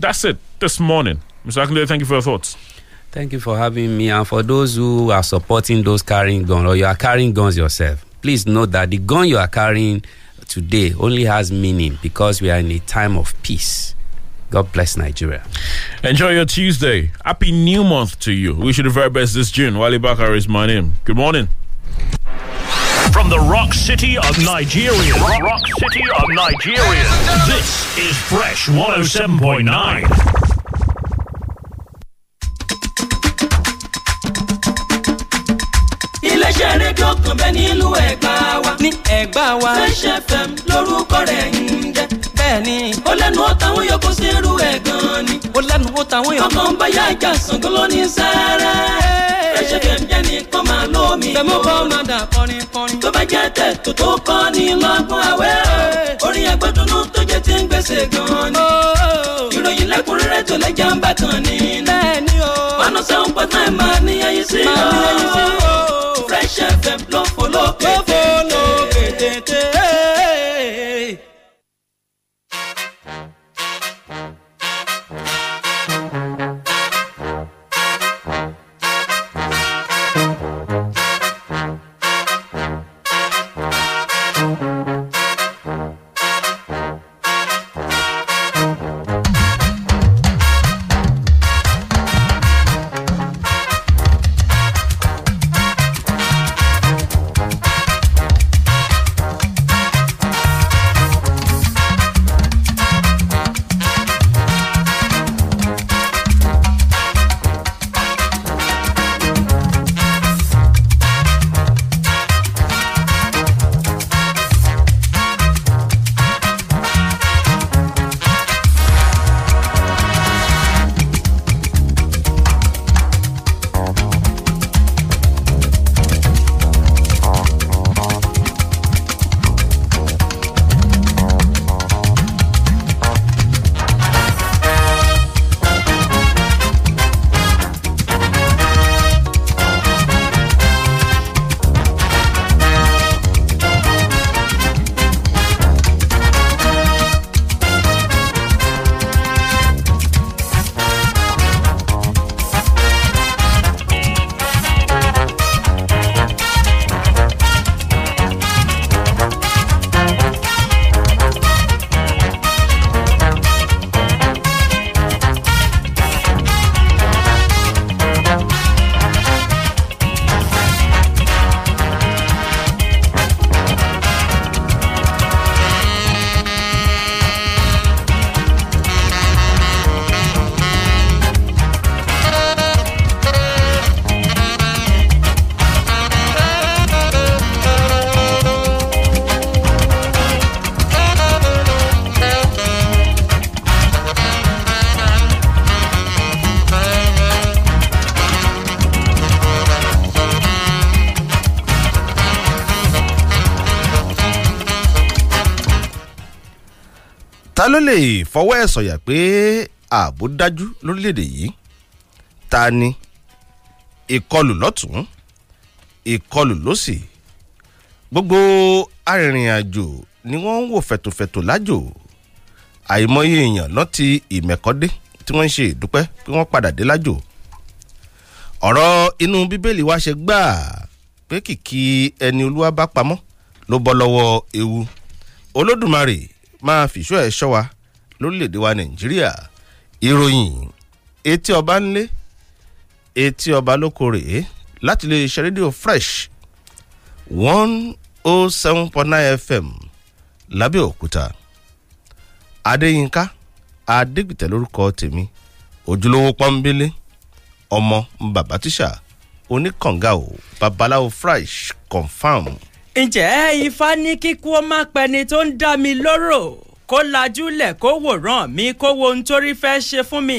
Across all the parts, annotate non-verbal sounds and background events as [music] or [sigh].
That's it this morning. Mr. Akinle, thank you for your thoughts. Thank you for having me. And for those who are supporting those carrying guns or you are carrying guns yourself, please know that the gun you are carrying today only has meaning because we are in a time of peace. God bless Nigeria. Enjoy your Tuesday. Happy new month to you. Wish you the very best this June. Wally Bakar is my name. Good morning. From the rock city of Nigeria. Rock, rock city of Nigeria. This is Fresh 107.9. iléeṣẹ́ rédíò kan bẹ́ẹ̀ nílùú ẹ̀gbá wa. ní ẹ̀gbá wa. Fresh FM lórúkọ rẹ̀ ń jẹ́. bẹ́ẹ̀ni. ó lẹ́nu ó tàwọn yòókù sí irú ẹ̀ ni. ó lẹ́nu ó tàwọn yòókù. ọmọ ń ìjà Ṣàngó lóní sáárá. Fresh FM jẹ́ ní kọ́ máa lómi. fẹ̀mú kọ́ máa dà kọrin kọrin. tó bá jẹ́ tẹ̀ tó tó kọ́ ni lọ́gbọ́n àwẹ̀. orin agbẹ́dúnú tó jẹ́ ti ń gbèsè gan ni. Oh. ìròyìn lẹ́kùnrẹ́rẹ́ tó lẹ́jà ń bá kan ni. o. one oh seven point máa níyẹn yìí sí i. máa níyẹn yìí sí i fresh fm ló fò lókè tètè. fọwọ́ ẹ̀ sọ̀yà pé ààbò dájú lórílẹ̀‐èdè yìí ta ni ìkọlù lọ́tún ìkọlù lọ́sì gbogbo arìnrìn-àjò ni wọ́n ń wò fẹ̀tòfẹ̀tò lájò àìmọye èèyàn lọ ti ìmẹ̀kọ́dé tí wọ́n ń ṣe ìdúpẹ́ pé wọ́n padà dé lájò ọ̀rọ̀ inú bíbélì wa ṣe gbáà pé kìkì ẹni olúwa bá pamọ́ ló bọ́ lọ́wọ́ ewu olódùmarè máa fìṣó ẹ̀ ṣọ́ wa lórílẹ̀‐èdè wa nàìjíríà ìròyìn etí ọba ńlé etí ọba lóko rèé láti lè ṣe rédíò fresh one oh seven point nine fm lábẹ́òkúta adéyínká adégbìtẹ́ lórúkọ tèmi ojúlówó pọ́nbélé ọmọ bàbá tíṣà oníkànga o babaláwo fresh confam. ǹjẹ́ ifá ní kíkú ó má pẹni tó ń dá mi lóró kó lajúlẹ̀ kó wòran mi kó wo ohun torí fẹ́ ṣe fún mi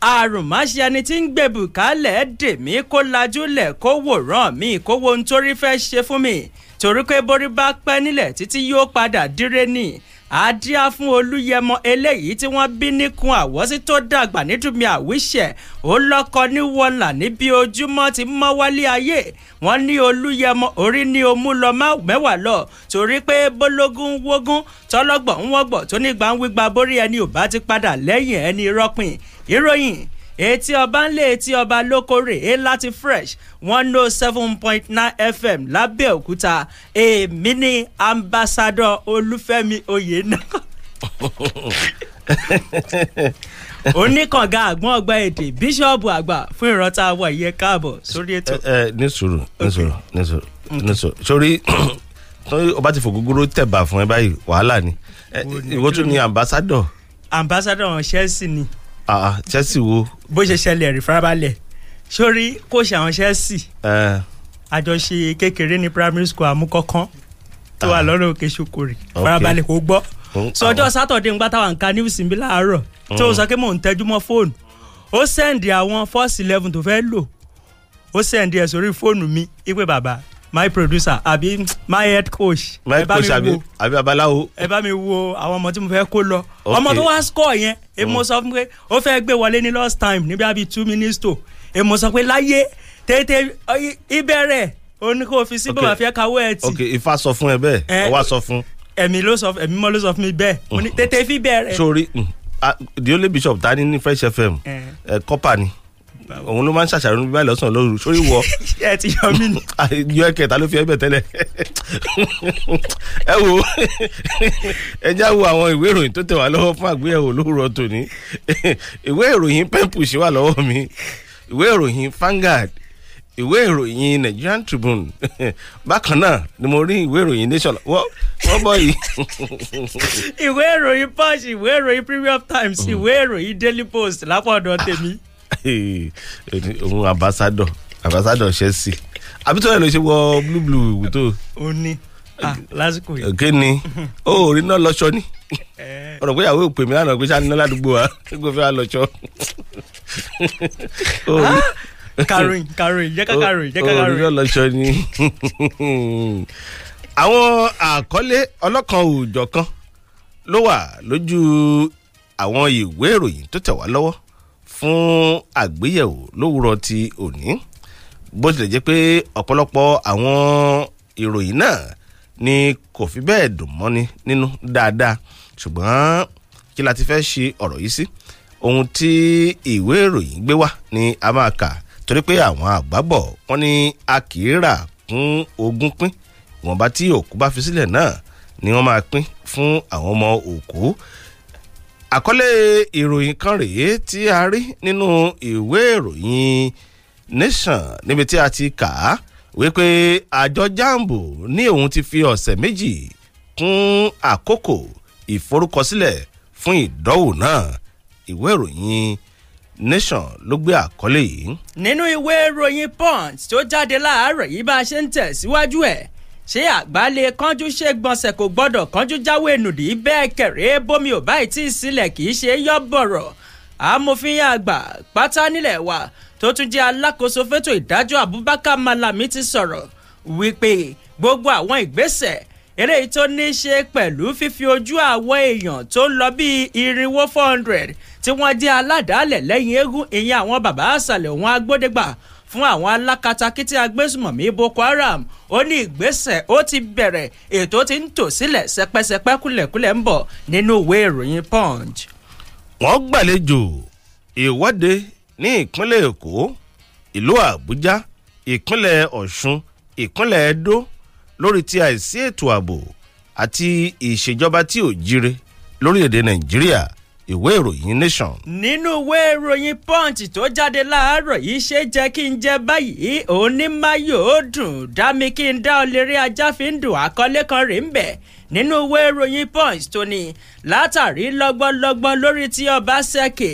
àrùn máṣe ẹni tí ń gbèbù kálẹ̀ dè mí kó lajúlẹ̀ kó wòran mi kó wo ohun torí fẹ́ ṣe fún mi torí pé borí bá pẹ́ nílẹ̀ títí yóò padà dire ni àdíá fún olúyẹmọ eléyìí tí wọ́n bí níkun àwọ́sí tó dàgbà nídùnmí àwíṣẹ́ ó lọ́kọ níwọ̀nlá níbi ojúmọ́ ti mọ́ wálé ayé wọ́n ní olúyẹmọ orí ní omú lọ mẹ́wàá lọ torí pé bólógún wógún tọ́lọ́gbọ̀n ń wọ́gbọ̀ tó nígbà ń wígba borí ẹni ò bá ti padà lẹ́yìn ẹni rọ́pìn ìròyìn etí ọba ń lé etí ọba lókòrè e láti fresh one oh seven point nine fm lábẹ́òkúta èmi e, ní ambassadọ olúfẹ́mi oyènàkọ́ [laughs] oníkànga àgbọn ọgbà èdè bíṣọọbù àgbà fún ìrántá àwọn ìyẹn káàbọ̀ sórí ètò. ẹ ẹ ní sùúrù ní sùúrù ní sùúrù ní sùúrù sórí tí [clears throat] o bá ti fògógóró tẹ̀bà fún ẹ báyìí wàhálà ni ìwọ tún ni ambassadọ. ambassadọ wọn ṣẹ́ẹ̀sì ni. Chelsea wo. bó ṣe ṣẹlẹ̀ rí farabalẹ̀ sórí kò àwọn Chelsea àjọṣe kékeré ní primary school àmúkọ́kán tó wà lọ́nà òkè ṣokòrè farabalẹ̀ kò gbọ́ sọ ọjọ́ sátọ̀dé ń gbá táwa ń ka news ń bí láàárọ̀ tó ń mm. sọ pé mò ń tẹ́jú mọ́ fóònù ó sẹ́ǹdì àwọn first eleven tó fẹ́ lò ó sẹ́ǹdì ẹ̀ sórí fóònù mi ipe bàbá my producer àbí my head coach. my coach àbí àbí babaláwo. ẹ bá mi wo àwọn ọmọ tí mo fẹ́ kó lọ. ọmọ tó wá score yẹn mm. èmo sọ fún pé ó fẹ́ gbé wọlé ní lost time níbi àbí two minutes to èmo sọ pé láyé tètè ìbẹ̀rẹ̀ òní kò fi sí bó ma fi kawó ẹ̀ tì. ok ifá sọ fún ẹ bẹ́ẹ̀ ọwá sọ fún. ẹ̀mí ló sọ ẹ̀mí mọ́ ló sọ fún mi bẹ́ẹ̀ mo ní mm. tètè fi bẹ̀rẹ̀. sori mm, the only bishop ta ni ní Fresh FM ẹ̀ kọ́pà ni òun ló máa ń ṣàṣàrò níbi báyìí lọ́sàn-án lóru sórí wọ. [laughs] ẹ ti yọ mí ni. [laughs] yọ ẹkẹta ló fi ẹbẹ tẹ́lẹ̀ [laughs] ẹ wo ẹ já wo àwọn ìwé ìròyìn tó tẹ̀ wá lọ́wọ́ fún àgbéyẹ̀wò lóòrọ̀ tòní ìwé ìròyìn pẹ́ǹpù ṣì wà lọ́wọ́ mi ìwé ìròyìn Vanguard ìwé ìròyìn Nigerian Tribune bákan náà ni mo rí ìwé ìròyìn Nation wọ́n bọ̀ yìí. ìwé ìròyìn Punch ìwé ìròyìn Premium Times mm. ìwé ìròyìn Daily Post lápò ọ̀dọ̀ tèmi. Eh, òun ambassador ambassador Chelsea àbí tó yẹ lọ ṣe wọ blue blue wùtó. ó ní ah, lásìkò yìí. òkè ni ó rí náà lọ́ṣọ́ ni eh. ọ̀rọ̀ pé ìyàwó òpè mi lánàá pé sani náà ládùúgbò wa gbogbo fẹ́ wà lọ́ṣọ́. Karen Karen jẹ́ ká Karen jẹ́ ká Karen. ó rí náà lọ́ṣọ́ ni. [laughs] àwọn àkọlé ọlọ́kan òòjọ̀ kan ló wà lójú àwọn ìwé ìròyìn tó tẹ̀ wá lọ́wọ́ fún àgbéyẹ̀wò lówùrọ̀ ti òní bó tilẹ̀ jẹ́ pé ọ̀pọ̀lọpọ̀ àwọn ìròyìn náà ni kò fi bẹ́ẹ̀ dùn mọ́ni nínú dáadáa ṣùgbọ́n kí la ti fẹ́ ṣe ọ̀rọ̀ yìí sí ohun tí ìwé ìròyìn gbé wá ni a máa kà torí pé àwọn àgbábọ̀ wọn ni a kì í rà kún ogún pín ìwọ̀nba tí òkú bá fi sílẹ̀ náà ni wọ́n máa pín fún àwọn ọmọ òkú àkọlé ìròyìn kan rèé tí a rí nínú ìwé ìròyìn nation níbi tí a ti kà á wípé àjọ jambo ní òun ti fi ọ̀sẹ̀ méjì kún àkókò ìforúkọsílẹ̀ fún ìdánwò náà ìwé ìròyìn nation ló gbé àkọlé yìí. nínú ìwé ìròyìn punch tó jáde láàárọ̀ yìí bá a ṣe ń tẹ̀síwájú ẹ̀ ṣé àgbálẹ̀ kánjú ṣe gbọ̀nsẹ̀ kò gbọ́dọ̀ kánjú jáwé nùdí bẹ́ẹ̀ kẹ̀rẹ́ bómi ò báyìí tí ì sílẹ̀ kì í ṣe yọ́ bọ̀rọ̀ amòfin àgbà pátá nílẹ̀ wa tó tún jẹ́ alákòóso fétò ìdájọ́ Abubakar Malami ti sọ̀rọ̀ wípé gbogbo àwọn ìgbésẹ̀ eléyìí tó ní í ṣe pẹ̀lú fífi ojú àwọn èèyàn tó ń lọ bíi irinwó four hundred tí wọ́n jẹ́ aládàálẹ̀ lẹ́yìn eégún ìyẹn àwọn bàbá àṣàlẹ̀ òun agbódegbà fún àwọn alákatakítí agbésùmọ̀mí Boko Haram ó ní ìgbésẹ̀ ó ti bẹ̀rẹ̀ ètò ti ń tò sílẹ̀ sẹpẹsẹpẹ kúlẹ̀kúlẹ̀ ń bọ̀ nínú ìwé ìròyìn Punch. wọ́n gbàlejò ìwọ́de ní ìpínlẹ̀ Èkó ìlú Àbújá ìpínlẹ̀ Ọ̀ṣun ìpínlẹ̀ Ẹdó lórí ti àìsí ètò ààbò àti ìṣèjọba tí ò jíire lórílẹ̀‐èdè Nàìjíríà ìwé ìròyìn nation. nínú ìwé ìròyìn punch tó jáde láàárọ̀ yìí ṣe jẹ́ kí n jẹ báyìí òun ní mayo ó dùn dá mi kí n dá ọ lè rí ajá fi ń dùn àkọlé kan rèé ń bẹ̀ nínú ìwé ìròyìn punch tó ní látàrí lọ́gbọ́nlọ́gbọ́n lórí tí Ọbaṣẹ́kì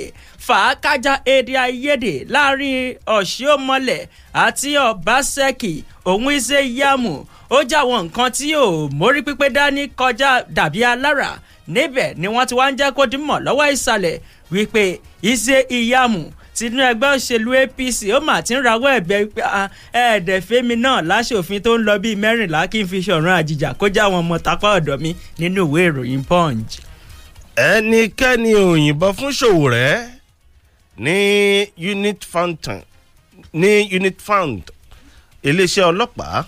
fàákájà èdè àìyedè láàrin Ọ̀ṣíọ́mọlẹ̀ àti Ọbaṣẹ́kì òun iṣẹ́ yàmù ó jáwọn nǹkan tí ò mórí pípé dání kọjá dàbí alára níbẹ̀ ni wọ́n ti wá ń jẹ́ kó di mọ̀ lọ́wọ́ ìsàlẹ̀ wípé ìṣe ìyàmù tinú ẹgbẹ́ òṣèlú apc ó mà ti ń rawọ́ ẹ̀bẹ̀ ẹ̀ẹ́dẹ̀fẹ́mi náà láṣòfin tó ń lọ bíi mẹ́rìnlá kí n fi ṣọ̀run àjìjà kó já wọn mọ tapá ọ̀dọ̀ mi nínú ìwé ìròyìn punch. ẹnikẹ́ni ò yìnbọn fún Sowore ní unit fountain ní unit fund iléeṣẹ́ ọlọ́pàá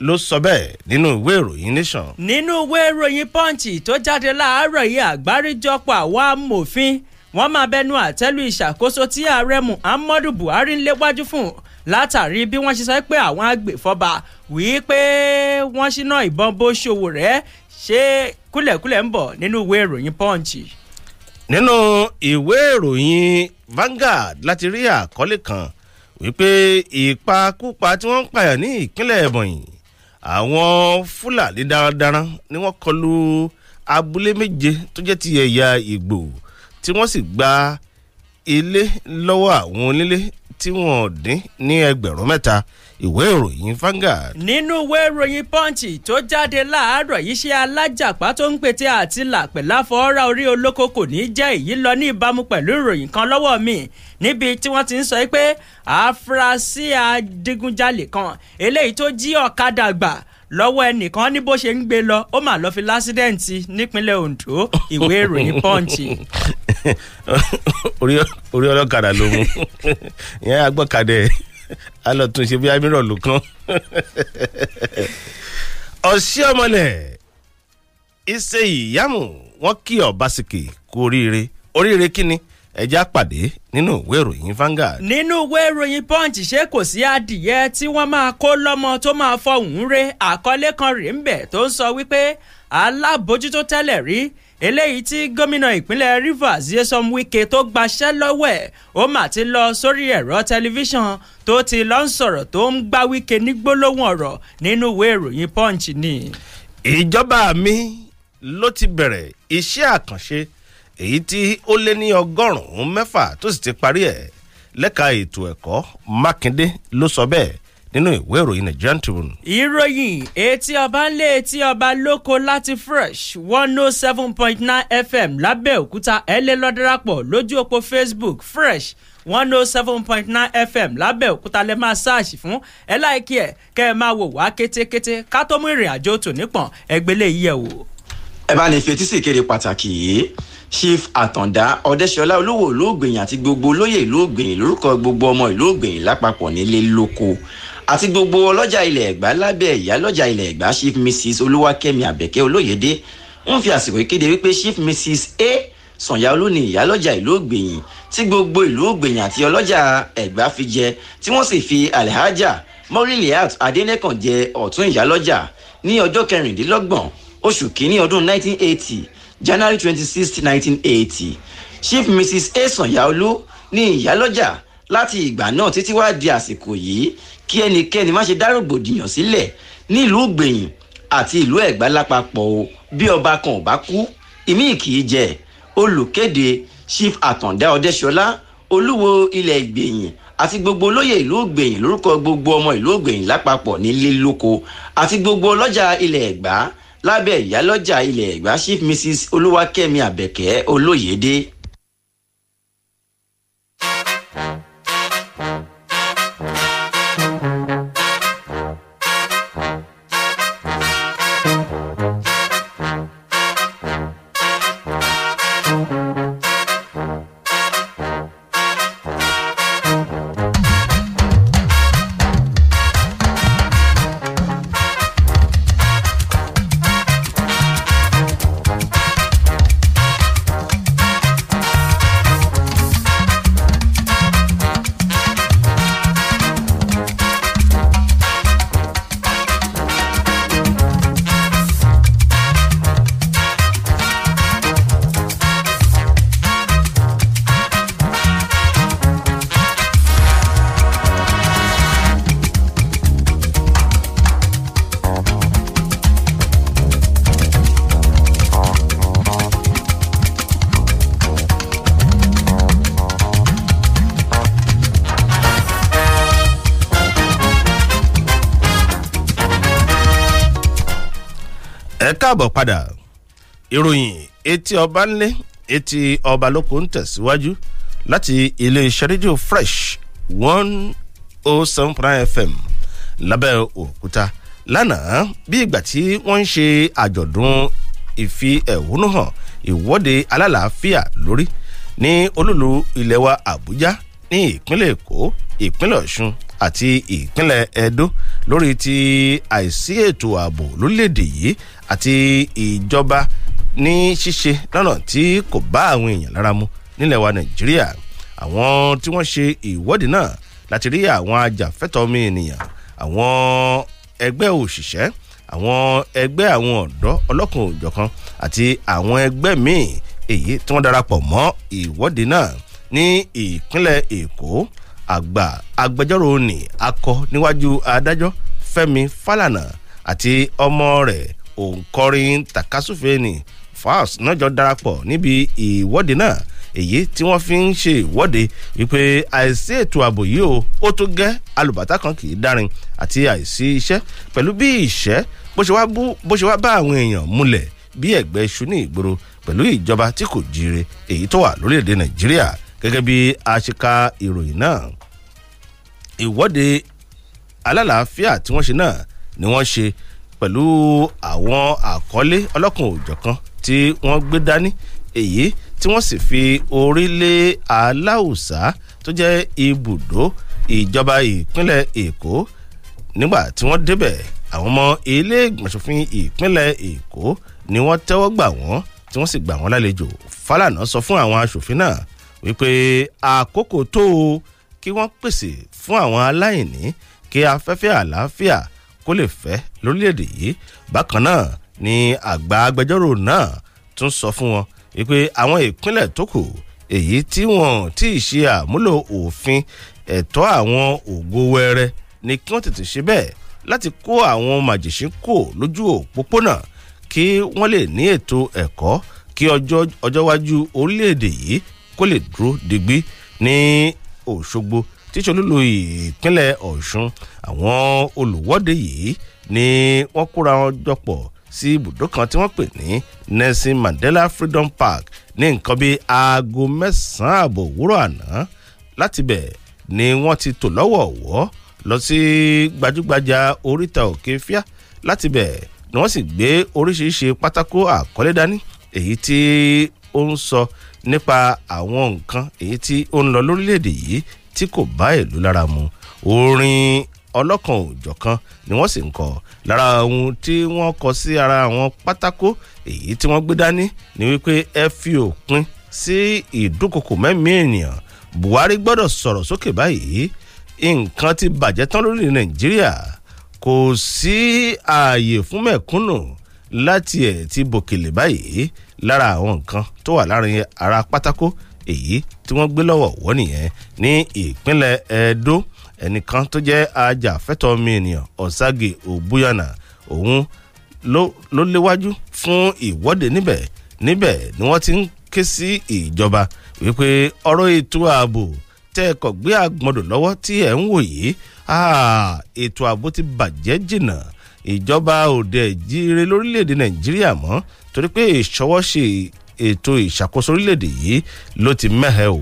ló sọ bẹ́ẹ̀ nínú ìwé ìròyìn nation. nínú ìwé ìròyìn pọ́ǹchì tó jáde láàárọ̀ yìí àgbáríjọpọ̀ àwa amòfin wọ́n máa bẹnu àtẹ́lu ìṣàkóso tí ààrẹ muhammadu buhari ń léwájú fún látàrí bí wọ́n ṣe sọ pé àwọn agbèfọ́ba wípé wọ́n ṣínà ìbọn bó ṣòwò rẹ̀ ṣe kúlẹ̀kúlẹ̀ ń bọ̀ nínú ìwé ìròyìn pọ́ǹchì. nínú ìwé ìròyìn Vanguard láti rí àkọlé kan wípé ìpakúpa tí wọ́n ń pààyàn ní ìpínlẹ̀ Ebonyi àwọn fúlàní darandaran ni wọ́n kọlu abúlé méje tó jẹ́ ti ẹ̀yà ìgbò tí wọ́n sì gba ilé lọ́wọ́ àwọn onílé tí wọ́n dín ní ẹgbẹ̀rún mẹ́ta ìwé ìròyìn Vanguard. nínú ìwé ìròyìn punch tó jáde láàárọ̀ yìí ṣe alájàpá tó ń pète àti làpẹ̀ láfọwọ́rá orí olóko kò ní jẹ́ èyí lọ ní ìbámu pẹ̀lú ìròyìn kan lọ́wọ́ mi níbi tí wọ́n ti ń sọ pé àfúrásì adigunjalè kan eléyìí tó jí ọ̀kadà gbà lọ́wọ́ ẹnìkan ní bó ṣe ń gbé lọ ó mà lọ́ọ́ fi lásídẹ̀ǹtì nípínlẹ̀ Ondo ìwé ìròyìn pọ́ǹchì. [laughs] orí ọlọ́kadà ló mú ìyẹn agbọ́kadà ẹ̀ á lọ tún ṣe bí amírọ̀ ló kán. [laughs] ọ̀sẹ̀ ọmọlẹ̀ ìṣe ìyàmù wọn kí Obaseki kú oríire oríire kí ni ẹjá pàdé nínú ìwé ìròyìn Vanguard. nínú ìwé ìròyìn Punch ṣé kò sí adìyẹ tí wọ́n máa kó lọ́mọ tó máa fọhùn re àkọlé kan rèé ń bẹ̀ tó ń sọ wípé alábòjútó tẹ́lẹ̀ rí eléyìí tí gómìnà ìpínlẹ̀ Rivers Yesom Wike tó gbaṣẹ́ lọ́wọ́ ẹ̀ ó mà ti lọ sórí ẹ̀rọ tẹlifíṣàn tó ti lọ ń sọ̀rọ̀ tó ń gbá Wike ní gbólóhùn ọ̀rọ̀ nínú ìwé ìròyìn Punch ni. ìjọba mi ló ti bẹ̀rẹ̀ iṣẹ́ àkànṣe èyí tí ó lé ní ọgọ́rùn-ún mẹ́fà tó sì ti parí ẹ̀ lẹ́ka ètò ẹ̀kọ́ mákindé ló sọ bẹ́ẹ̀ nínú ìwé ìròyìn nigerian tribune. ìròyìn etí ọba ń lé etí ọba lóko láti fresh one oh seven point nine fm lábẹ́òkúta ẹlẹ́lọ́dẹ́rápọ̀ lójú òpó facebook fresh one oh seven point nine fm lábẹ́òkúta lẹ́ máa ṣáàṣì fún ẹ láìkí ẹ̀ kẹ́ ẹ máa wò wá kétékété ká tó mú ìrìn àjò tò nípọ̀n ẹgbẹ́lẹ́ yìí ẹ̀ wò. ẹ bá ní fetí sí ìkéde pàtàkì yìí chief àtàndá ọ̀dẹ́sọlá olówó ìlú ògbèyìn àti gbogbo olóyè ìlú ògbèyìn lórúkọ gbogbo ọmọ ìlú ògbèyìn lápapọ̀ nílé lóko àti gbogbo ọlọ́jà ilẹ̀ ẹ̀gbá lábẹ́ ẹ̀yà lọ́jà ilẹ̀ ẹ̀gbá chief mrs olúwakẹ́mi àbẹ̀kẹ́ olóyèdé ń fi àsìkò ìkéde wípé chief mrs a sànyà olóni ìyálọ́jà ìlú ògbèyìn tí gbogbo ìlú ògbèyìn àti ọlọ́jà ẹ̀gbá fi jẹ tí wọ́n sì fi alhaja moriliat adelekan jẹ ọ̀tún ìyálọ́jà ní ọjọ́ kẹrìndínlọ́gbọ̀n oṣù kínní ọdún 1980 january twenty six nineteen eighty chief mrs esan yaolu ní ìyálọ́jà láti ìgbà náà títí wá di àsìkò yìí kí ẹnikẹ́ni má ṣe dárògbòdìyàn sílẹ̀ nílùú gbẹ̀yìn àti ìlú ẹ̀gbá lápapọ̀ o bí ọba kan ò bá kú ìmí kì í jẹ olùkéde chief àtàndá ọdẹ́ṣọlá olúwo ilẹ̀ ìgbẹ̀yìn àti gbogbo olóyè ìlú ògbẹ̀yìn lórúkọ gbogbo ọmọ ìlú ògbẹ̀yìn lápapọ̀ ní lílóko àti gbogbo ọlọ́jà ilẹ̀ ẹ̀gbá lábẹ́ ìyálọ́jà ilẹ̀ ẹ̀gbá chief mrs olúwakẹ́mi àbẹ̀kẹ́ olóyèdè padà ìròyìn etí ọba ńlẹ̀ etí ọba lóko ń tẹ̀síwájú láti iléeṣẹ́ rédíò fresh one oh seven prime fm lábẹ́ òkúta lánàá bí ìgbà tí wọ́n ń ṣe àjọ̀dún ìfi ẹ̀hónú hàn ìwọ́de alálàáfíà lórí ní olúlu ilẹ̀ wa àbújá ní ìpínlẹ̀ èkó ìpínlẹ̀ ọ̀ṣun àti ìpínlẹ̀ edo lórí ti àìsí ètò ààbò lórílẹ̀‐èdè yìí àti ìjọba ní ṣíṣe lọ́nà tí kò bá àwọn èèyàn lára mu nílẹ̀ wa nàìjíríà àwọn tí wọ́n ṣe ìwọ́de náà láti rí àwọn ajàfẹ́tọ̀ọ́ mi ènìyàn àwọn ẹgbẹ́ òṣìṣẹ́ àwọn ẹgbẹ́ àwọn ọ̀dọ́ ọlọ́kan òjọ̀kan àti àwọn ẹgbẹ́ míì èyí tí wọ́n darapọ̀ mọ́ ìwọ́de náà ní ìpínlẹ̀ èkó àgbà agbẹjọ́rò ni akọ níwájú adájọ́ fẹ́mi fálànà àti ọmọ rẹ̀ òǹkọrin takasufeni falz náà jọ darapọ̀ níbi ìwọ́de náà èyí tí wọ́n fi ń ṣe ìwọ́de wípé àìsí ètò ààbò yìí o ó tó gẹ́ alùbàtà kan kì í dárin àti àìsí iṣẹ́ pẹ̀lú bí ìṣẹ́ bó ṣe wá bá àwọn èèyàn múlẹ̀ bí ẹ̀gbẹ́ iṣu ní ìgboro pẹ̀lú ìjọba tí kò jíire èyí tó wà lórílẹ̀‐èdè nàìjíríà gẹ́gẹ́ bí a ṣe ka ìròyìn náà ìwọ́de alálàáfíà tí wọ́n ṣe náà ni wọ́n ṣe pẹ̀lú àwọn àkọlé ọlọ́kùn òjọ̀kan tí wọ́n gbé dání èyí tí wọ́n sì fi orílẹ̀ aláùsá tó jẹ́ ibùdó ìjọba ìpínlẹ̀ èkó nígbà tí wọ́n débẹ̀ àwọn ọmọ ilé ìgbọ̀nsọ̀fin ìpínlẹ̀ èkó ni wọ́n tẹ́wọ́ gbà wọ́n tí wọ́n sì gbà wọ́n lálejò Fálànà sọ fún àwọn aṣòfin náà wípé àkókò tó o kí wọ́n pèsè fún àwọn aláìní kí afẹ́fẹ́ àlàáfíà kó lè fẹ́ lórílẹ̀‐èdè yìí bákan náà ni àgbà agbẹjọ́rò náà tún sọ fún wọn wípé àwọn ìpínlẹ̀ tó kù èyí tí wọn tí ì ṣe àmúlò òfin ẹ̀tọ́ àwọn ògo wẹrẹ ni kí wọ́n tètè ṣe bẹ́ẹ̀ láti kó àwọn màjèṣín kò lójú òpópónà kí wọ́n lè ní ètò ẹ̀kọ́ kí ọjọ́ iwájú orílẹ̀-èdè yìí kó lè dúró digbí ní Òṣogbo tíṣe olúlu ìpínlẹ̀ ọ̀ṣun àwọn olùwọ́de yìí ni wọ́n kóra wọn jọpọ̀ sí ibùdó kan tí wọ́n pè ní Nelson Mandela Freedom Park ní nǹkan bíi aago mẹ́sàn-án àbọ̀ òwúrọ̀ àná láti bẹ̀ ni wọ́n ti tò lọ́wọ̀ọ̀wọ́ lọ sí gbajúgbajà oríta òkè fíà láti bẹ̀ ni wọ́n sì gbé oríṣiríṣi pátákó àkọlé dání èyí tí ó ń sọ nípa àwọn nǹkan èyí tí ó ń lọ lórílẹ̀‐èdè yìí tí kò bá ìlú lára mu orin ọlọ́kan òjọ̀kan ni wọ́n sì ń kọ lára ohun tí wọ́n kọ sí ara àwọn pátákó èyí tí wọ́n gbé dání ni wípé ẹ fi òpin sí ìdúnkokò mẹ́mí ènìyàn Buhari gbọ́dọ̀ sọ̀rọ̀ sókè báyìí nǹkan ti bàjẹ́ tán lórí Nàìjíríà kò sí ààyè fún mẹ̀kúnnù láti ẹ̀ ti bòkèlè báyìí lára àwọn nǹkan tó wà láàrin ara pátákó èyí tí wọ́n gbé lọ́wọ́ wọ́n nìyẹn ní ìpínlẹ̀ Ẹdó ẹnìkan tó jẹ́ ajàfẹ́tọ̀ọ́ ọmọnìyàn Ọ̀sàgè Òbúyànà òun ló léwájú fún ìwọ́de níbẹ̀ níbẹ̀ ni wọ́n ti ń ké sí ìjọba wípé ọ̀rọ̀ ètò ààbò tẹ́ ẹ kọ̀ gbé àgbọ̀dọ̀ lọ́wọ́ tí ẹ̀ ń wò yìí ètò ààbò ti bàjẹ́ jìnnà ìjọba òde ìjíire lórílẹ̀‐èdè Nàìjíríà mọ́ torí pé ìṣọwọ́ ṣe ètò ìṣàkóso orílẹ̀-èdè yìí ló ti mẹ́hẹ̀ o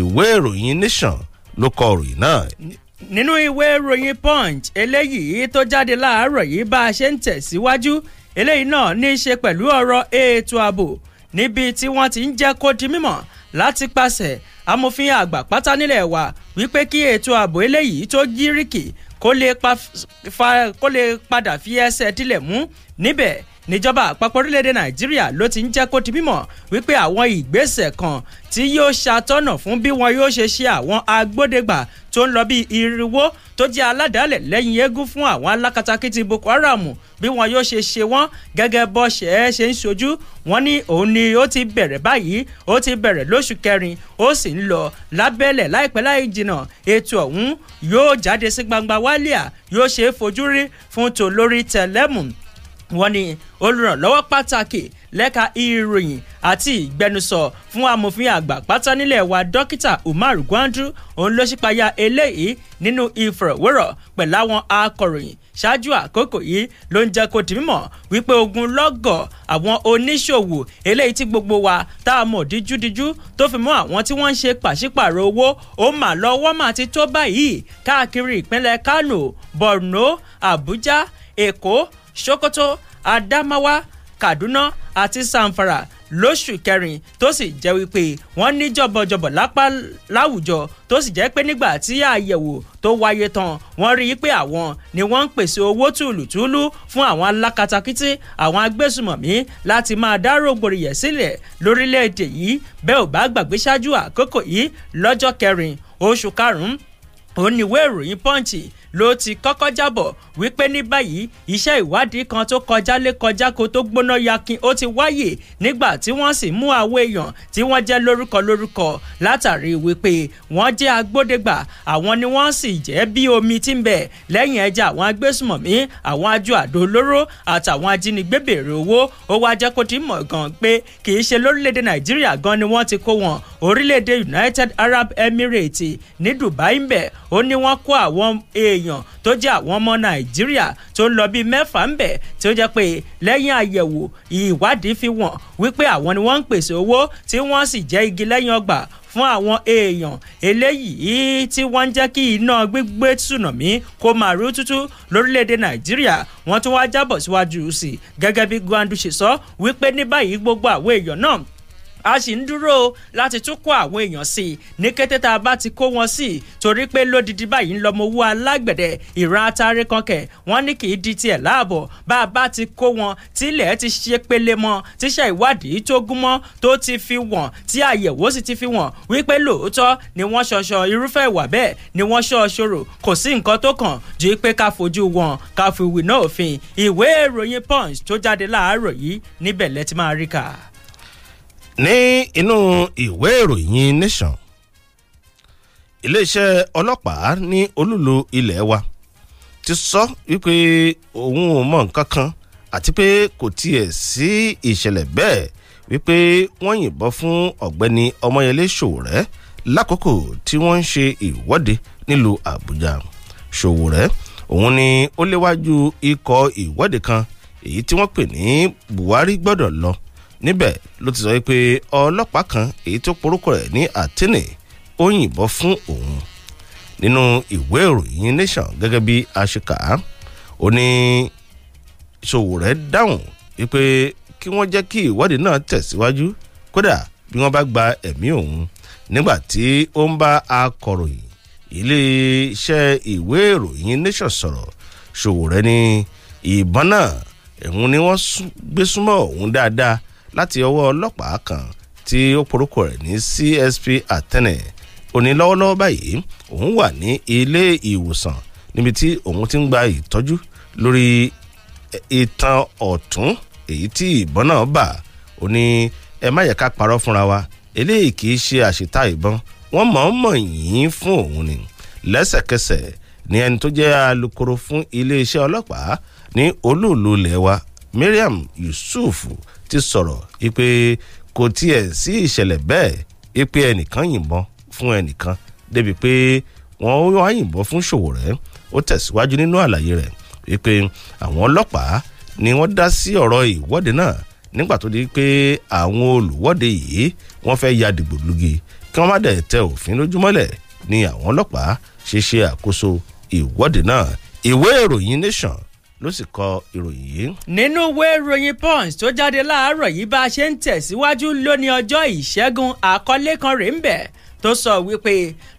ìwé ìròyìn nation ló kọ ìròyìn náà. nínú ìwé ìròyìn punch eléyìí tó jáde láàárọ̀ yìí bá a ṣe ń tẹ̀síwájú eléyìí náà ní í ṣe pẹ̀lú ọ̀rọ̀ ètò ààbò níbi tí wọ́n ti ń jẹ́ kó di mímọ̀ láti pàṣẹ amòfin àgbà pátá nílẹ̀ wa wípé kí ètò ààbò eléyìí tó gíríkì kó lè padà fi ẹsẹ̀ dílẹ̀ mú níbẹ̀ níjọba àpapọ̀ orílẹ̀-èdè nàìjíríà ló ti ń jẹ́ kó ti bímọ̀ wípé àwọn ìgbésẹ̀ kan tí yóò ṣàtọ̀nà fún bí wọn yóò ṣe ṣe àwọn agbódegbà tó ń lọ bí irinwó tó jẹ́ aládàálẹ̀ lẹ́yìn eégún fún àwọn alákatakítí boko haram bí wọn yóò ṣe ṣe wọ́n gẹ́gẹ́ bó ṣe é ṣe ń ṣojú wọn ní òun ni ó ti bẹ̀rẹ̀ báyìí ó ti bẹ̀rẹ̀ lóṣù kẹrin ó sì ń lọ lábẹ́lẹ̀ láìpẹ́ láì jìnnà ètò ọ̀hún yóò jáde sí gbangba wálíà yóò ṣe é fojú rí fún tòlórí tẹ̀lẹ́mù wọ́n ní olùrànlọ́wọ́ pàtàkì lẹ́ka ìròyìn àti ìgbẹnusọ fún amòfin àgbà pátá nílẹ̀ wa dókítà umar gwandu òun ló ṣípayá eléyìí nínú ìfọ̀rọ̀wérọ̀ pẹ̀lú àwọn akọ̀ròyìn ṣáájú àkókò yìí ló ń jẹ́ kó di mímọ̀ wípé ogun lọ́gọ̀ àwọn oníṣòwò eléyìí tí gbogbo wa tá a mọ̀ díjúdíjú tó fi mọ́ àwọn tí wọ́n ń ṣe pàṣípàrọ̀ owó ó mà lọ́wọ́ mà ti tó báyìí káàkiri ìpínlẹ̀ kánò borno abuja èkó sokoto adamawa kaduna àti samfara lóṣù kẹrin tó sì jẹ́ wípé wọ́n ní jọ̀bọ̀jọ̀bọ̀ lápá láwùjọ tó sì jẹ́ pé nígbà tí àyẹ̀wò tó wáyé tán wọ́n rí i pé àwọn ni wọ́n ń pèsè owó tùlùtùlù fún àwọn alákatakítí àwọn agbésùmọ̀mí láti máa dá rògbòrìyẹ̀ sílẹ̀ lórílẹ̀‐èdè yìí bẹ́ẹ̀ ò bá gbàgbé ṣáájú àkókò yìí lọ́jọ́ kẹrin oṣù karùn-ún òun níwé ló ti kọ́kọ́ jábọ̀ wípé ní báyìí iṣẹ́ ìwádìí kan tó kọjá lé kọjá ko tó gbóná yakin ó ti wáyè nígbà tí wọ́n sì mú àwọn èèyàn tí wọ́n jẹ́ lórúkọ lórúkọ látàrí wípé wọ́n jẹ́ agbódegbà àwọn ni wọ́n sì jẹ́ bí omi tí ń bẹ lẹ́yìn ẹja àwọn agbésùmọ̀mí àwọn ajú àdó olóró àtàwọn ajínigbé béèrè owó ó wá jẹ́ kó ti mọ̀ gan pé kì í ṣe lórílẹ̀‐èdè nàìjíríà gan ni wọ́n ti kó wọn orílẹ̀‐èdè United Arab Emirates ní Dubai ń bẹ ó ní wọ́n kó àwọn èèyàn èèyàn tó jẹ́ àwọn ọmọ nàìjíríà tó ń lọ bíi mẹ́fà ń bẹ̀ tí ó jẹ́ pé lẹ́yìn àyẹ̀wò ìwádìí fi wọ́n wípé àwọn ni wọ́n ń pèsè owó tí wọ́n sì jẹ́ igi lẹ́yìn ọgbà fún àwọn èèyàn eléyìí tí wọ́n ń jẹ́ kí iná gbígbé tsunami kó máa rú tútú lórílẹ̀‐èdè nàìjíríà wọ́n tún wá jábọ̀ síwájú sí i gẹ́gẹ́ bí gwandu ṣe sọ wípé ní báyìí gbogbo àwọn èèyàn náà a sì ń dúró láti tún kó àwọn èèyàn sí i ní kété tá a bá ti kó wọn sí i torí pé lódìdí báyìí ń lọmọ owó alágbẹ̀dẹ ìran atare kankẹ̀ wọ́n ní kì í di tiẹ̀ láàbọ̀ bá a bá ti kó wọn tílẹ̀ ti ṣe pele mọ́ tíṣẹ́ ìwádìí tó gún mọ́ tó ti fi wọ̀n tí àyẹ̀wò sì ti fi wọ̀n wípé lóòótọ́ ni wọ́n ṣọṣọ irúfẹ́ ìwà bẹ́ẹ̀ ni wọ́n ṣọṣọrò kò sí nǹkan tó kàn ju pé ká fojú wọn ká fi wìnà òfin ìwé ìròyìn punch tó jáde láàárọ̀ yìí níbẹ̀ lẹ ti máa rí kà ní inú ìwé ìròyìn nation iléeṣẹ́ ọlọ́pàá ní olúlo ilẹ̀ wa ti sọ wípé òun ò mọ nǹkan kan àti pé kò tiẹ̀ sí ìṣẹ̀lẹ̀ bẹ́ẹ̀ wípé wọ́n yìnbọn fún ọ̀gbẹ́ni ọmọyẹlé ṣòwòrẹ́ lákòókò tí wọ́n ń ṣe ìwọ́de nílùú àbújá ṣòwòrẹ́ òun ni ó léwájú ikọ̀ ìwọ́de kan èyí tí wọ́n pè ní buhari gbọ́dọ̀ lọ níbẹ̀ ló ti sọ pé ọlọ́pàá kan èyí tó porúkọ rẹ̀ ní Atene ó yìnbọn fún òun nínú ìwé ìròyìn Nation gẹ́gẹ́ bí aṣíkà ó ní Sowore dáhùn wípé kí wọ́n jẹ́ kí ìwádìí náà tẹ̀síwájú kódà bí wọ́n bá gba ẹ̀mí òun nígbà tí ó ń bá akọ̀ròyìn iléeṣẹ́ ìwé ìròyìn Nation sọ̀rọ̀ Sowore ní ìbọn náà ẹ̀hún ni wọ́n gbé súnmọ́ òun dáadáa láti ọwọ́ ọlọ́pàá kan tí ó porúkọ rẹ̀ ní CSP Atene òní lọ́wọ́lọ́wọ́ báyìí òun wà ní ilé ìwòsàn níbi tí òun ti ń gba ìtọ́jú lórí ìtàn ọ̀tún èyí tí ìbọn náà bà ó ní ẹ má yẹ ká parọ́ fúnra wa eléyìí kì í ṣe àṣìta ìbọn wọ́n mọ̀ọ́mọ̀ yìí fún òun ni lẹ́sẹ̀kẹsẹ̀ ni ẹni tó jẹ́ alukoro fún iléeṣẹ́ ọlọ́pàá ní olúùlú ilẹ̀ wa Yusuf ti sọ̀rọ̀ wípé kò tiẹ̀ sí ìṣẹ̀lẹ̀ bẹ́ẹ̀ wípé ẹnìkan yìnbọn fún ẹnìkan débi pé wọ́n wá yìnbọn fún Ṣòwòrẹ́ ó tẹ̀síwájú nínú àlàyé rẹ̀ wípé àwọn ọlọ́pàá ni wọ́n dá sí ọ̀rọ̀ ìwọ́de náà nígbà tó di pé àwọn olùwọ́de yìí wọ́n fẹ́ ya dìgbòlugi kí wọ́n má dẹ̀ tẹ òfin lójúmọ́lẹ̀ ni àwọn ọlọ́pàá ṣe ṣe àkóso ìwọ́de náà ìwé ìròyìn Nation ló sì kọ ìròyìn yìí. nínú ìwé ìròyìn punch tó jáde láàárọ̀ yìí bá a ṣe ń tẹ̀síwájú lónìí ọjọ́ ìṣẹ́gun àkọlé kan rèé ń bẹ̀ tó sọ wípé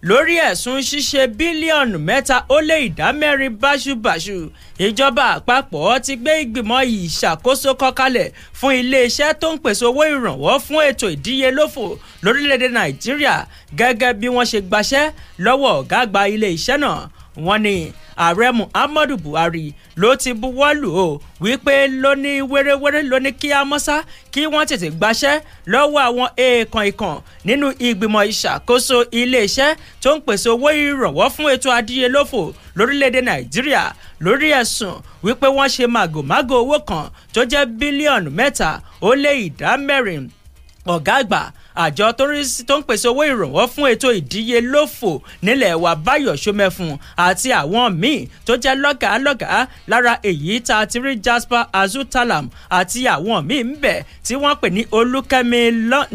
lórí ẹ̀sùn ṣíṣe bílíọ̀nù mẹ́ta ó lé ìdá mẹ́rin báṣubàṣu ìjọba àpapọ̀ ti gbé ìgbìmọ̀ ìṣàkóso kọkalẹ̀ fún iléeṣẹ́ tó ń pèsè owó ìrànwọ́ fún ètò ìdíyelófò lórílẹ̀‐èdè nàìjíríà gẹ́gẹ́ bí wọ́n ṣe gbaṣẹ́ lọ́wọ́ ọ̀gá àgbà iléeṣẹ́ náà wọ́n ní ààrẹ muhammadu buhari ló ti buwọ́lù o wípé ló ní wéréwéré ló ní kí amọ́sá kí wọ́n tètè gbaṣẹ́ lọ́wọ́ àwọn èèkàn ìkàn nínú ìgbìmọ̀ ìṣàkóso iléeṣẹ́ tó ń pèsè owó ìrànwọ́ fún ètò adíyelófò lórílẹ̀‐èdè nàìjíríà lórí ẹ̀sùn wípé wọ́n ṣe màgòmágó owó kan tó jẹ́ bílíọ̀nù mẹ́ta ó lé ìdá mẹ́rin ọ̀gá àgbà àjọ tó ń pèsè owó ìrànwọ́ fún ètò ìdíyelófò nílẹ̀ wa báyọ̀ ṣómẹ́fun àti àwọn míì tó jẹ́ lọ́gàálọ́gàá lára èyí tá a ti rí jasper azutalam àti àwọn míì ń bẹ̀ tí wọ́n pè ní olúkẹ́mi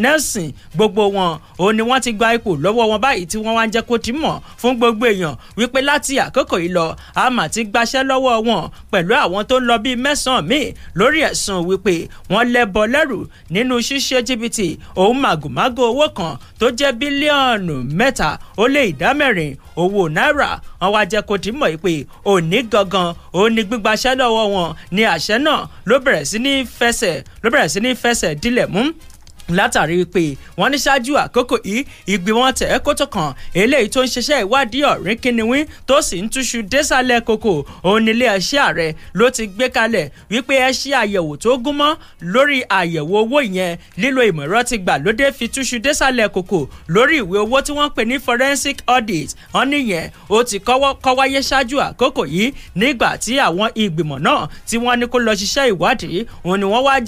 nelson gbogbo wọn ò ní wọ́n ti gba ipò lọ́wọ́ wọn báyìí tí wọ́n wá ń jẹ́ kó ti mọ̀ fún gbogbo èèyàn wípé láti àkókò yìí lọ a mà ti gbaṣẹ́ lọ́wọ́ wọn pẹ̀lú àwọn tó ń lọ bíi mẹ́sàn-án míì lórí ẹ̀sùn wípé wọ́n lẹ́bọ lẹ́rù nínú ṣíṣe jìbìtì òun màgùn màgòmágó owó kan tó jẹ́ bílíọ̀nù mẹ́ta ó lé ìdá mẹ́rin owó náírà wọn wá jẹ́ kó ti mọ̀ pé òní gangan òní gbígbaṣẹ́ lọ́wọ́ wọn ni àṣẹ náà ló bẹ̀rẹ̀ sí ní fẹsẹ̀ ló bẹ̀rẹ̀ sí ní fẹsẹ̀ dílẹ̀ mú látàrí wípé wọn ní ṣáájú àkókò yìí ìgbìmọ̀ tẹ̀ kótó kan eléyìí tó ń ṣiṣẹ́ ìwádìí ọ̀rìn kìnìún tó sì ń túṣu désàlẹ̀ kòkò òun nílé ẹṣẹ́ ààrẹ ló ti gbé kalẹ̀ wípé ẹ ṣe àyẹ̀wò tó gún mọ́ lórí àyẹ̀wò owó ìyẹn lílo ìmọ̀ ẹ̀rọ ti gbà lóde fi túṣu désàlẹ̀ kòkò lórí ìwé owó tí wọ́n pè ní forensic audit wọn nìyẹn ó ti kọ́ wáyé ṣáájú àkókò yìí nígbà tí àwọn ìgbìmọ̀ náà tí wọ́n ní kó lọ ṣiṣẹ́ ìwádìí òun ni wọ́n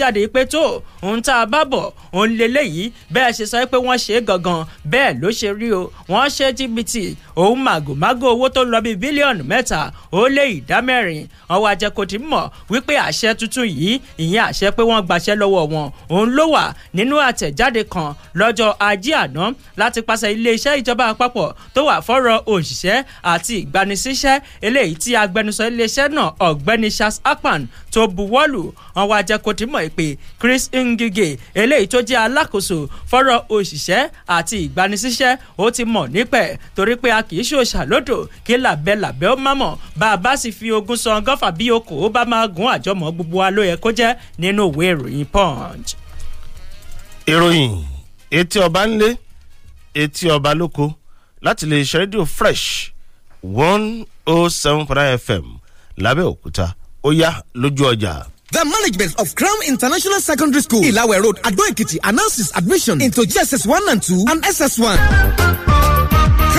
òun leléyìí bẹ́ẹ̀ ṣe sọ pé wọ́n ṣe é gangan bẹ́ẹ̀ ló ṣe rí o wọ́n ṣe jìbìtì òun màgòmágó owó tó ń lọ bí bílíọ̀nù mẹ́ta ó lé ìdá mẹ́rin ọwọ́ ajẹ́kọ̀tì mọ̀ wípé àṣẹ tuntun yìí ìyẹn àṣẹ pé wọ́n gbaṣẹ́ lọ́wọ́ wọn òun ló wà nínú àtẹ̀jáde kan lọ́jọ́ ajé àná láti pàṣẹ iléeṣẹ́ ìjọba àpapọ̀ tó wà fọ́rọ̀ òṣìṣẹ́ àti ìgbanisíṣẹ́ eléyìí tí agbẹnusọ iléeṣẹ́ náà ọ̀gbẹ́ni Charles Akpan tó buwọ́lù ọwọ́ ajẹ́kọ̀tì mọ̀ pé Chris Ngige eléyìí tó jẹ́ jẹ́ alákòóso fọ́rọ̀ òṣìṣẹ́ àti ìgbanisíṣẹ́ ó ti mọ̀ nípẹ̀ torí pé a kì í ṣòṣà lódò kí làbẹ́ làbẹ́ ó má mọ̀ bá a bá sì fi ogún san gọ́fà bí okò bá máa gún àjọmọ̀ gbogbo wa ló yẹ kó jẹ́ nínú ìwé ìròyìn punch. ìròyìn etí ọba ń lé etí ọba lóko láti lè ṣe rédíò fresh one oh seven point nine fm lábẹ́òkúta ó yá lójú ọjà. The management of Crown International Secondary School, Ilawe Road, Ado Ekiti announces admission into GSS 1 and 2 and SS 1.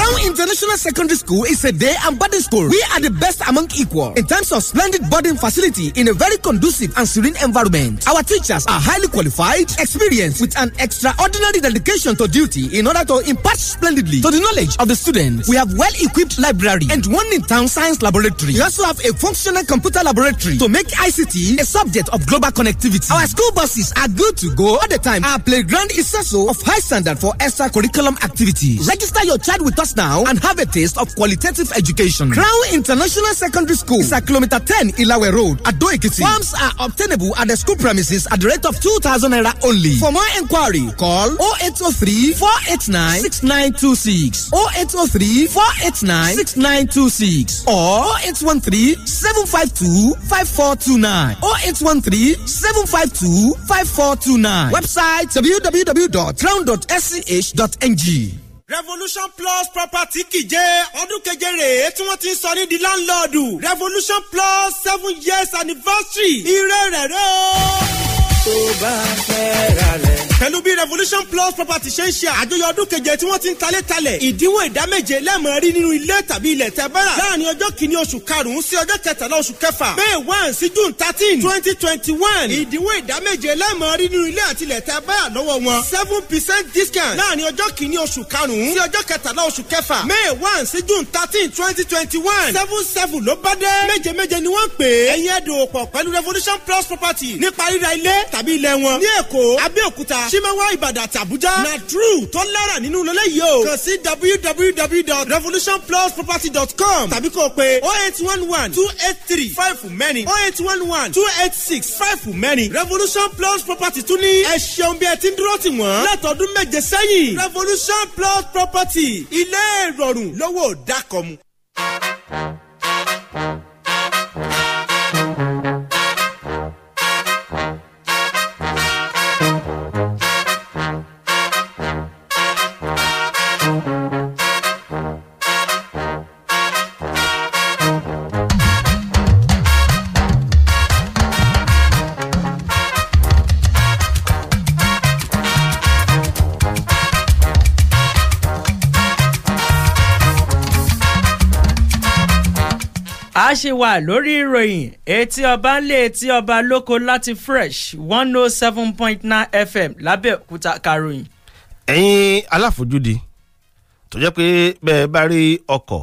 Crown International Secondary School is a day and boarding school. We are the best among equal in terms of splendid boarding facility in a very conducive and serene environment. Our teachers are highly qualified, experienced, with an extraordinary dedication to duty in order to impart splendidly to the knowledge of the students. We have well-equipped library and one-in-town science laboratory. We also have a functional computer laboratory to make ICT a subject of global connectivity. Our school buses are good to go all the time. Our playground is also of high standard for extracurricular activities. Register your child with us now and have a taste of qualitative education. Crown International Secondary School is at kilometer 10 Ilawe Road, Ado Ekiti. Forms are obtainable at the school premises at the rate of 2,000 naira only. For more inquiry, call 0803 489 6926 0803 489 6926 or 0813 752 5429 0813 752 5429. Website www.crown.sch.ng. revolution plus property kìjẹ́ ọdún keje rèé tí wọ́n ti ń sọ ní di láńlọ́ọ̀dù revolution plus seven years anniversary ire rẹ̀ rẹ̀ o tó bá fẹ́ ra lẹ̀. pẹ̀lú bí revolution plus property ṣe ń ṣe àjọyọ̀ ọdún keje tí wọ́n ti ń talé talẹ̀ ìdínwó ìdá méje lẹ́ẹ̀mọ́ rí nínú ilé tàbí ilẹ̀ tẹ́ bára láàrin ọjọ́ kìíní oṣù karùn-ún sí ọjọ́ kẹtàlá oṣù kẹfà may one sí june thirteen twenty twenty one ìdínwó ìdá méje lẹ́ẹ̀mọ́ rí nínú ilé àti ilẹ̀ tẹ́ bára lọ́wọ́ wọn seven percent discount láàrin ọjọ́ kìíní oṣù karùn-ún sí ọjọ́ kẹtàlá oṣù kẹfà may one sí june thirteen twenty twenty one seven seven ló bá dé méje méje ni wọ́n pè é ẹ̀yin ẹ̀dùn òpọ̀ pẹ̀lú revolution plus property nípa ríra ilé t tàbí ilẹ̀ wọn ní èkó abẹ́òkúta simawa ìbàdàn tàbújá na true tó lára nínú lọ́lẹ́ yìí o kàn sí www.revolutionplusproperty.com tàbí kò pé oh eight one one two eight three five for many oh eight one one two eight six five for many revolution plus property tún ní ẹ ṣeun bí ẹ ti ń dúró tì wọ́n látọ̀dún méje sẹ́yìn revolution plus property ilé ìrọ̀rùn lówó dákọ̀mu. ṣe wà lórí ìròyìn etí ọba ń lé etí ọba lóko láti fresh one oh seven point nine fm lábẹ́òkúta karòyìn. ẹ̀yin aláfojúdi tó jẹ́ pé bẹ́ẹ̀ bá rí ọkọ̀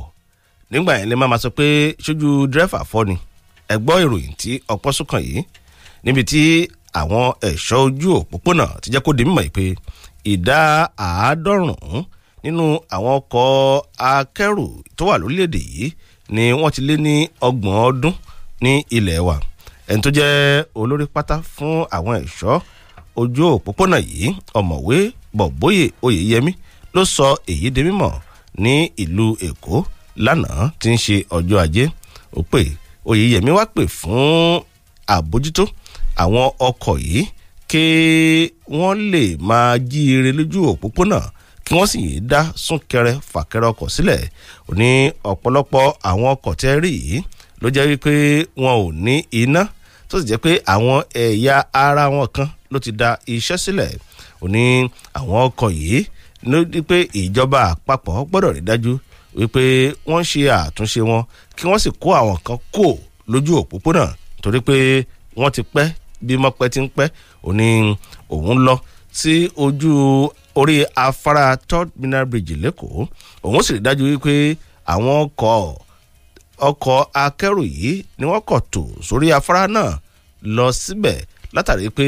nígbà yẹn lè má máa sọ pé ṣojú dírẹ́fà fọ́ ni ẹ gbọ́ ìròyìn tí ọpọ́ sùkàn yìí níbi tí àwọn ẹ̀ṣọ́ ojú òpópónà ti jẹ́ kó di mímọ̀ pé ìdá àádọ́rùn-ún nínú àwọn ọkọ̀ akẹ́rù tó wà lórílẹ̀‐èdè yìí ni wọ́n ti lé ní ọgbọ̀n ọdún ní ilẹ̀ wa ẹni tó jẹ́ olórí pátá fún àwọn ẹ̀ṣọ́ ojú òpópónà yìí ọ̀mọ̀wé bọ̀bóyè oyèyẹmí ló sọ èyí di mímọ̀ ní ìlú èkó lánàá tí ń ṣe ọjọ́ ajé ó pè oyèyẹmí wá pè fún àbójútó àwọn ọkọ̀ yìí kí wọ́n lè máa jí ire lójú òpópónà kí wọ́n sì dá súnkẹrẹ fàkẹrẹ ọkọ̀ sílẹ̀ ó ní ọ̀pọ̀lọpọ̀ àwọn ọkọ̀ tẹ́ rí yìí ló jẹ́ wípé wọn ò ní iná tó sì jẹ́ pé àwọn ẹ̀yà ara wọn kan ló ti da iṣẹ́ sílẹ̀ ó ní àwọn ọkọ̀ yìí ló di pé ìjọba àpapọ̀ gbọ́dọ̀ rí dájú wípé wọ́n ṣe àtúnṣe wọn kí wọ́n sì kó àwọn kan kò lójú òpópónà torí pé wọ́n ti pẹ́ bí mọ́pẹ́ ti ń pẹ́ òun lọ sí ojú orí afárá third mineral bridge lẹ́kọ̀ọ́ òun sì rí dájú wípé àwọn ọkọ̀ ọkọ̀ akẹ́rù yìí ni wọ́n kọ̀ tò sórí afárá náà lọ síbẹ̀ látàrí pé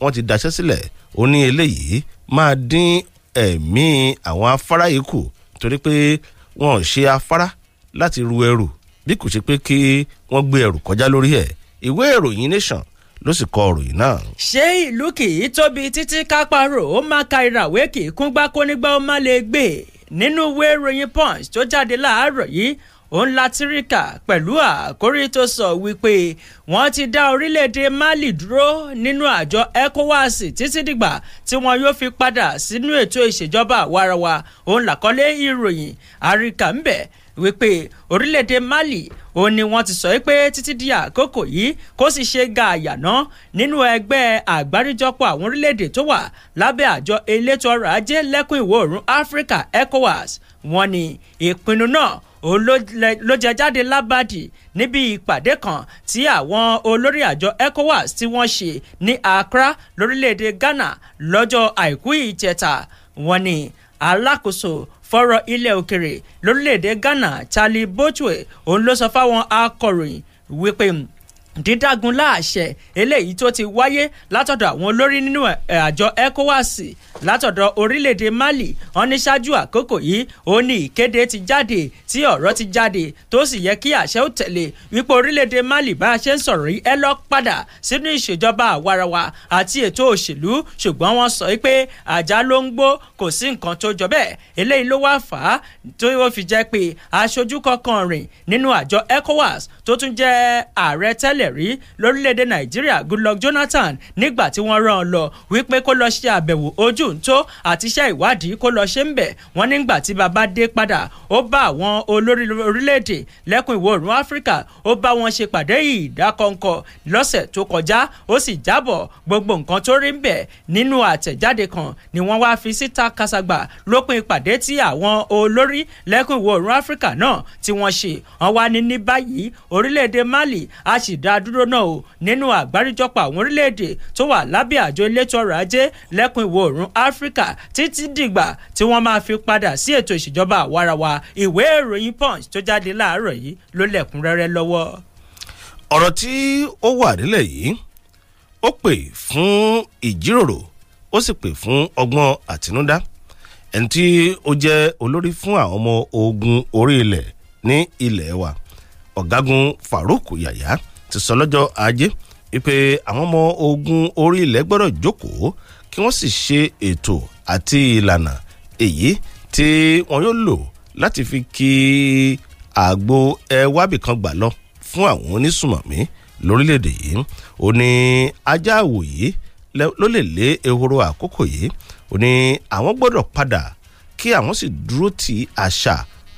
wọ́n ti daṣẹ́ sílẹ̀ ó ní eléyìí máa dín ẹ̀mí àwọn afárá yìí kù torí pé wọn ò ṣe afárá láti ru ẹrù bí kò ṣe pé kí wọ́n gbé ẹrù kọjá lórí ẹ̀ ìwé ìròyìn nation ló sì kọ ìròyìn náà. ṣé ìlú kì í tóbi títí kápárò ó má ka ìràwé kì í kúngbá kónígbá ó má lè gbé nínú ìwé ìròyìn punch tó jáde láàárọ̀ yìí òun láti rí kà pẹ̀lú àkórí tó sọ wípé wọ́n ti dá orílẹ̀-èdè mali dúró nínú àjọ ecowas títí dìgbà tí wọn yóò fi padà sínú ètò ìṣèjọba àwarawa òun làkọlé ìròyìn àríkà ńbẹ wípé orílẹ̀-èdè Mali òun ni wọ́n ti sọ pé títí di àkókò yìí kó sì ṣe gààyà ná nínú ẹgbẹ́ àgbáríjọpọ̀ àwọn orílẹ̀-èdè tó wà lábẹ́ àjọ elétò ọrọ̀ ajé lẹ́kùn ìwọ̀ oòrùn Áfíríkà ECOWAS wọ́n ní ìpinnu náà òun ló jẹ jáde lábàdì níbi ìpàdé kan tí àwọn olórí àjọ ECOWAS tí wọ́n ṣe ní Accra lórílẹ̀‐èdè Ghana lọ́jọ́ àìkú ìjẹta wọ́n ní alákòóso fọ́rọ̀ ilẹ̀ òkèrè lórílẹ̀‐èdè Ghana Charlie Botwe òun ló sọ fáwọn akọ̀ròyìn wípé dídágun láàṣẹ eléyìí tó ti wáyé látọ̀dọ̀ àwọn olórí nínú àjọ ECOWAS látọ̀dọ̀ orílẹ̀-èdè Mali wọn ní ṣáájú àkókò yìí ó ní ìkéde ti jáde tí ọ̀rọ̀ ti jáde tó sì yẹ kí àṣẹ ó tẹ̀lé wípé orílẹ̀-èdè Mali bá a ṣe ń sọ̀rọ̀ yìí ẹ lọ padà sínú ìṣèjọba àwarawa àti ètò òṣèlú ṣùgbọ́n wọ́n sọ pé àjà ló ń gbó kò sí nǹkan tó jọ bẹ́ẹ̀ eléyìí ló wá fà á tó tó tún jẹ́ ààrẹ tẹ́lẹ̀ rí lórílẹ̀‐èdè nàìjíríà goodluck jonathan nígbà tí wọ́n rán an lọ wípé kó lọ ṣe àbẹ̀wò ojú ń tó àti iṣẹ́ ìwádìí kó lọ ṣe ń bẹ̀ wọ́n nígbà tí bàbá dé padà ó bá àwọn olórí orílẹ̀‐èdè lẹ́kùn ìwọ̀ oòrùn áfíríkà ó bá wọn ṣe pàdé ìdákọ̀ǹkọ̀ lọ́sẹ̀ tó kọjá ó sì jábọ̀ gbogbo nǹkan tó rí bẹ̀ nínú àtẹ̀jáde kan ni wọ́n wáá fi síta kàṣàgbà lópin ìpàdé tí àwọn olórí lẹ́kùn ìwọ̀ oòrùn áfíríkà náà tí wọ́n ṣe wọ́n wá ní ní báyìí orílẹ̀-èdè Mali a sì dá dúró náà o nínú àgbáríjọpọ̀ àwọn orílẹ̀-èdè tó wà lábẹ́ àjọ elétò ọrọ̀ ajé lẹ́kùn ìwọ̀ oòrùn Áfíríkà títí dìgbà tí wọ́n máa fi padà sí ètò ìṣèjọba àwarawa ìwé ìròyìn Punch tó jáde láàárọ̀ yìí ló lẹ́kùnrẹ́rẹ́ lọ́wọ́. ọ̀rọ̀ tí ó wà nílẹ̀ yìí ó pè fún ìjíròrò ó sì pè fún ọgbọ́n àtinúdá ẹni tí ó jẹ́ olórí fún àwọn ọmọ ogun orí ilẹ̀ ní ilẹ̀ wa ọ̀gágun Farouk yaya ti sọ lọ́jọ́ ajé wípé àwọn ọmọ ogun orí ilẹ̀ gbọ́dọ̀ jókòó kí wọ́n sì ṣe ètò àti ìlànà èyí tí wọ́n yóò lò láti fi kí àgbo ẹwàbì kan gbà lọ fún àwọn onísùmọ̀mí lórílẹ̀‐èdè yìí ó ní ajá àwòyé ló lè lé ehoro àkókò yìí ó ní àwọn gbọ́dọ̀ padà kí àwọn sì dúró ti àṣà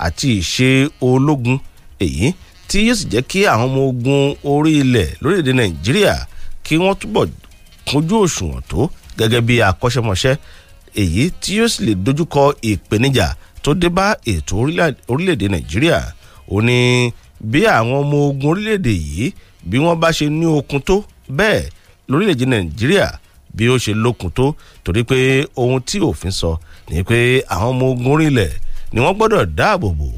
àti ìṣe ológun èyí tí yóò sì jẹ́ kí àwọn ọmọ ogun orí ilẹ̀ lórílẹ̀‐èdè nàìjíríà kí wọ́n túbọ̀ kúnjú òṣùwọ̀n tó gẹ́gẹ́ bí akọ́ṣẹ́mọṣẹ́ èyí tí yóò sì lè dojúkọ ìpèníjà tó dé bá ètò orílẹ̀‐èdè nàìjíríà ó ní bí àwọn ọmọ ogun orílẹ̀‐èdè yìí bí wọ́n bá ṣe ní okun tó bẹ́ẹ̀ lórílẹ̀‐èdè nàìjíríà bí ó ṣe lókun tó torí pé ohun tí òfin sọ ni pé àwọn ọmọ ogun orílẹ̀ ni wọ́n gbọ́dọ̀ dáàbò bò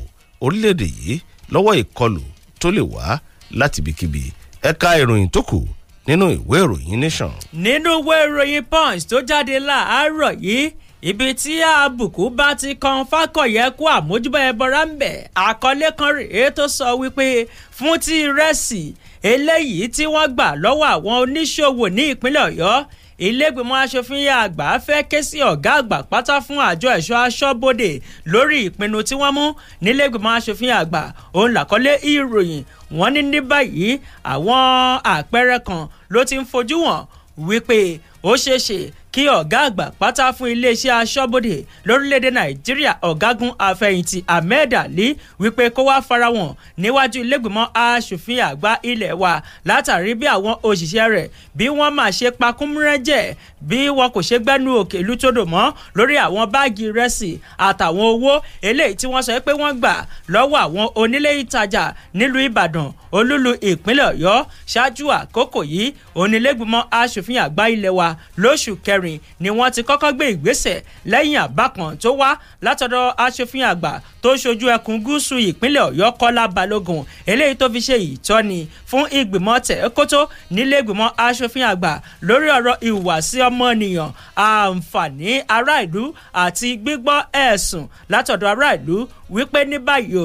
orílẹ̀‐èdè yìí lọ́wọ́ ìkọlù tó lè wá láti ibikíbi ẹ̀ka ìròyìn tó kù nínú ìwé ìròyìn nation. nínú ìwé ìròyìn punch tó jáde láàárọ̀ yìí ibi tí àbùkù bá ti kan fákọ̀yẹ kú àmójúbọ̀ ẹbọra ń bẹ̀ àkọlé kan rèé tó sọ wípé fún ti rẹ́sì eléyìí tí wọ́n gbà lọ́wọ́ àwọn oníṣòwò ní ìpínlẹ̀ ọ̀yọ́ ilégbèmọ̀ aṣòfin àgbà fẹ́ ké sí ọ̀gá àgbà pátá fún àjọ ẹ̀ṣọ́ aṣọ́bodè lórí ìpinnu tí wọ́n mú nílégbèmọ̀ aṣòfin àgbà òun làkọ́lé ìròyìn wọ́n ní ní báyìí àwọn àpẹẹrẹ kan ló ti ń fojú wọn wípé ó ṣeéṣe kí ọ̀gá àgbà pátá fún iléeṣẹ́ aṣọ́bodè lórílẹ̀‐èdè nàìjíríà ọ̀gágun àfẹ̀yìntì ahmed ali wípé kó wá farahàn níwájú ilégbìmọ̀ aṣòfin àgbà ilé wa látàrí bí àwọn òṣìṣẹ́ rẹ̀ bí wọ́n máa ṣe pakúmúrẹ́jẹ̀ bí wọn kò ṣe gbẹ́nu òkè lútòdò mọ́ lórí àwọn báàgì rẹ́sì àtàwọn owó eléyìí tí wọ́n sọ pé wọ́n gbà lọ́wọ́ àwọn onílé ìtajà nílùú ìbàdàn olúlu ìpínlẹ̀ ọ̀yọ́ ṣáájú àkókò yìí onílẹ̀gbìmọ̀ aṣòfin àgbà ilé wa lóṣù kẹrin mẹ́rin ni wọ́n ti kọ́kọ́ gbé ìgbésẹ̀ lẹ́yìn àbá kan tó wá látọ̀dọ̀ aṣòfin àgbà tó ṣojú ẹkùn gúúsù ìpínlẹ̀ ọ̀yọ́ kọ́lá balógun eléyìí tó fi ṣe ìtọ́ni fún ìgbìmọ̀ tẹ̀kótó nílé ìgbìmọ̀ aṣòfin àgbà lórí ọ̀rọ̀ ìhùwàsí ọmọnìyàn àǹfààní ará ìlú àti gbígbọ́ ẹ̀sùn látọ̀dọ̀ ará ìlú wípé ní báyìí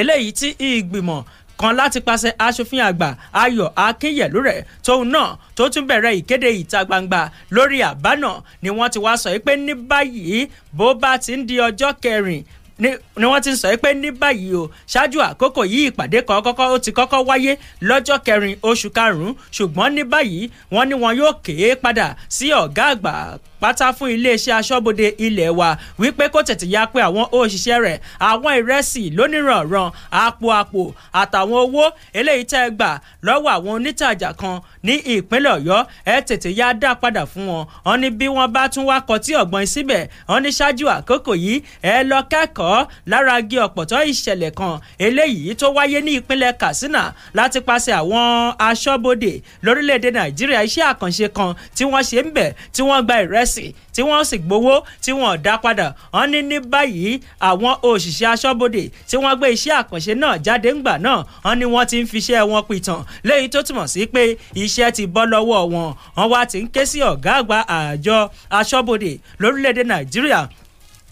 eléyìí tí ìgbìmọ̀ kan láti pàṣẹ aṣòfin àgbà ayọ̀ akínyẹ̀ lórẹ̀ tóun náà tó tún bẹ̀rẹ̀ ìkéde ìta gbangba lórí àbá náà ni wọ́n ti wá sọ pé ní báyìí bó bá ti ń di ọjọ́ kẹrin ni wọ́n ti sọ pé ní báyìí o ṣáájú àkókò yìí ìpàdé kan kọ́kọ́ ó ti kọ́kọ́ wáyé lọ́jọ́ kẹrin oṣù karùn-ún ṣùgbọ́n ní báyìí wọ́n ní wọn yóò kéé e padà sí ọ̀gá àgbà pátá fún iléeṣẹ́ aṣọ́bodè ilé wa wípé kó tètè ya pé àwọn òṣìṣẹ́ rẹ̀ àwọn ìrẹsì lóníranran àpò àpò àtàwọn owó eléyìí tẹ́ gbà lọ́wọ́ àwọn onítàjà kan ní ìpínlẹ̀ ọ̀yọ́ ẹ tètè ya dá padà fún wọn wọn ní bí wọ́n bá tún wá kọtí ọ̀gbọ́n síbẹ̀ wọn ní ṣáájú àkókò yìí ẹ lọ kẹ́kọ̀ọ́ akẹ́kọ̀ọ́ lára igi ọ̀pọ̀tọ́ ìṣẹ̀lẹ̀ kan eléyìí tó wáyé ní ìpínlẹ̀ Katsina láti pàṣẹ àwọn aṣọ́bodè lórílẹ̀‐èdè Nàìjíríà iṣẹ́ àkànṣe kan tí wọ́n ṣe ń bẹ̀ tí wọ́n gba ìrẹsì tí wọ́n sì gbowó tí wọ́n dá padà wọ́n ní ní báyìí àwọn òṣìṣẹ́ aṣọ́bodè tí wọ́n gbé iṣẹ́ àkànṣe náà jáde ńgbà náà wọ́n ní wọ́n ti ń fiṣẹ́ wọn pìtàn léyìí tó túmọ̀ sí pé iṣẹ́ ti bọ́ lọ́wọ́ wọn wọ́n wá ti ń ké sí ọ̀gá àgbà àjọ aṣọ́bodè lórílẹ̀‐èdè Nàìjíríà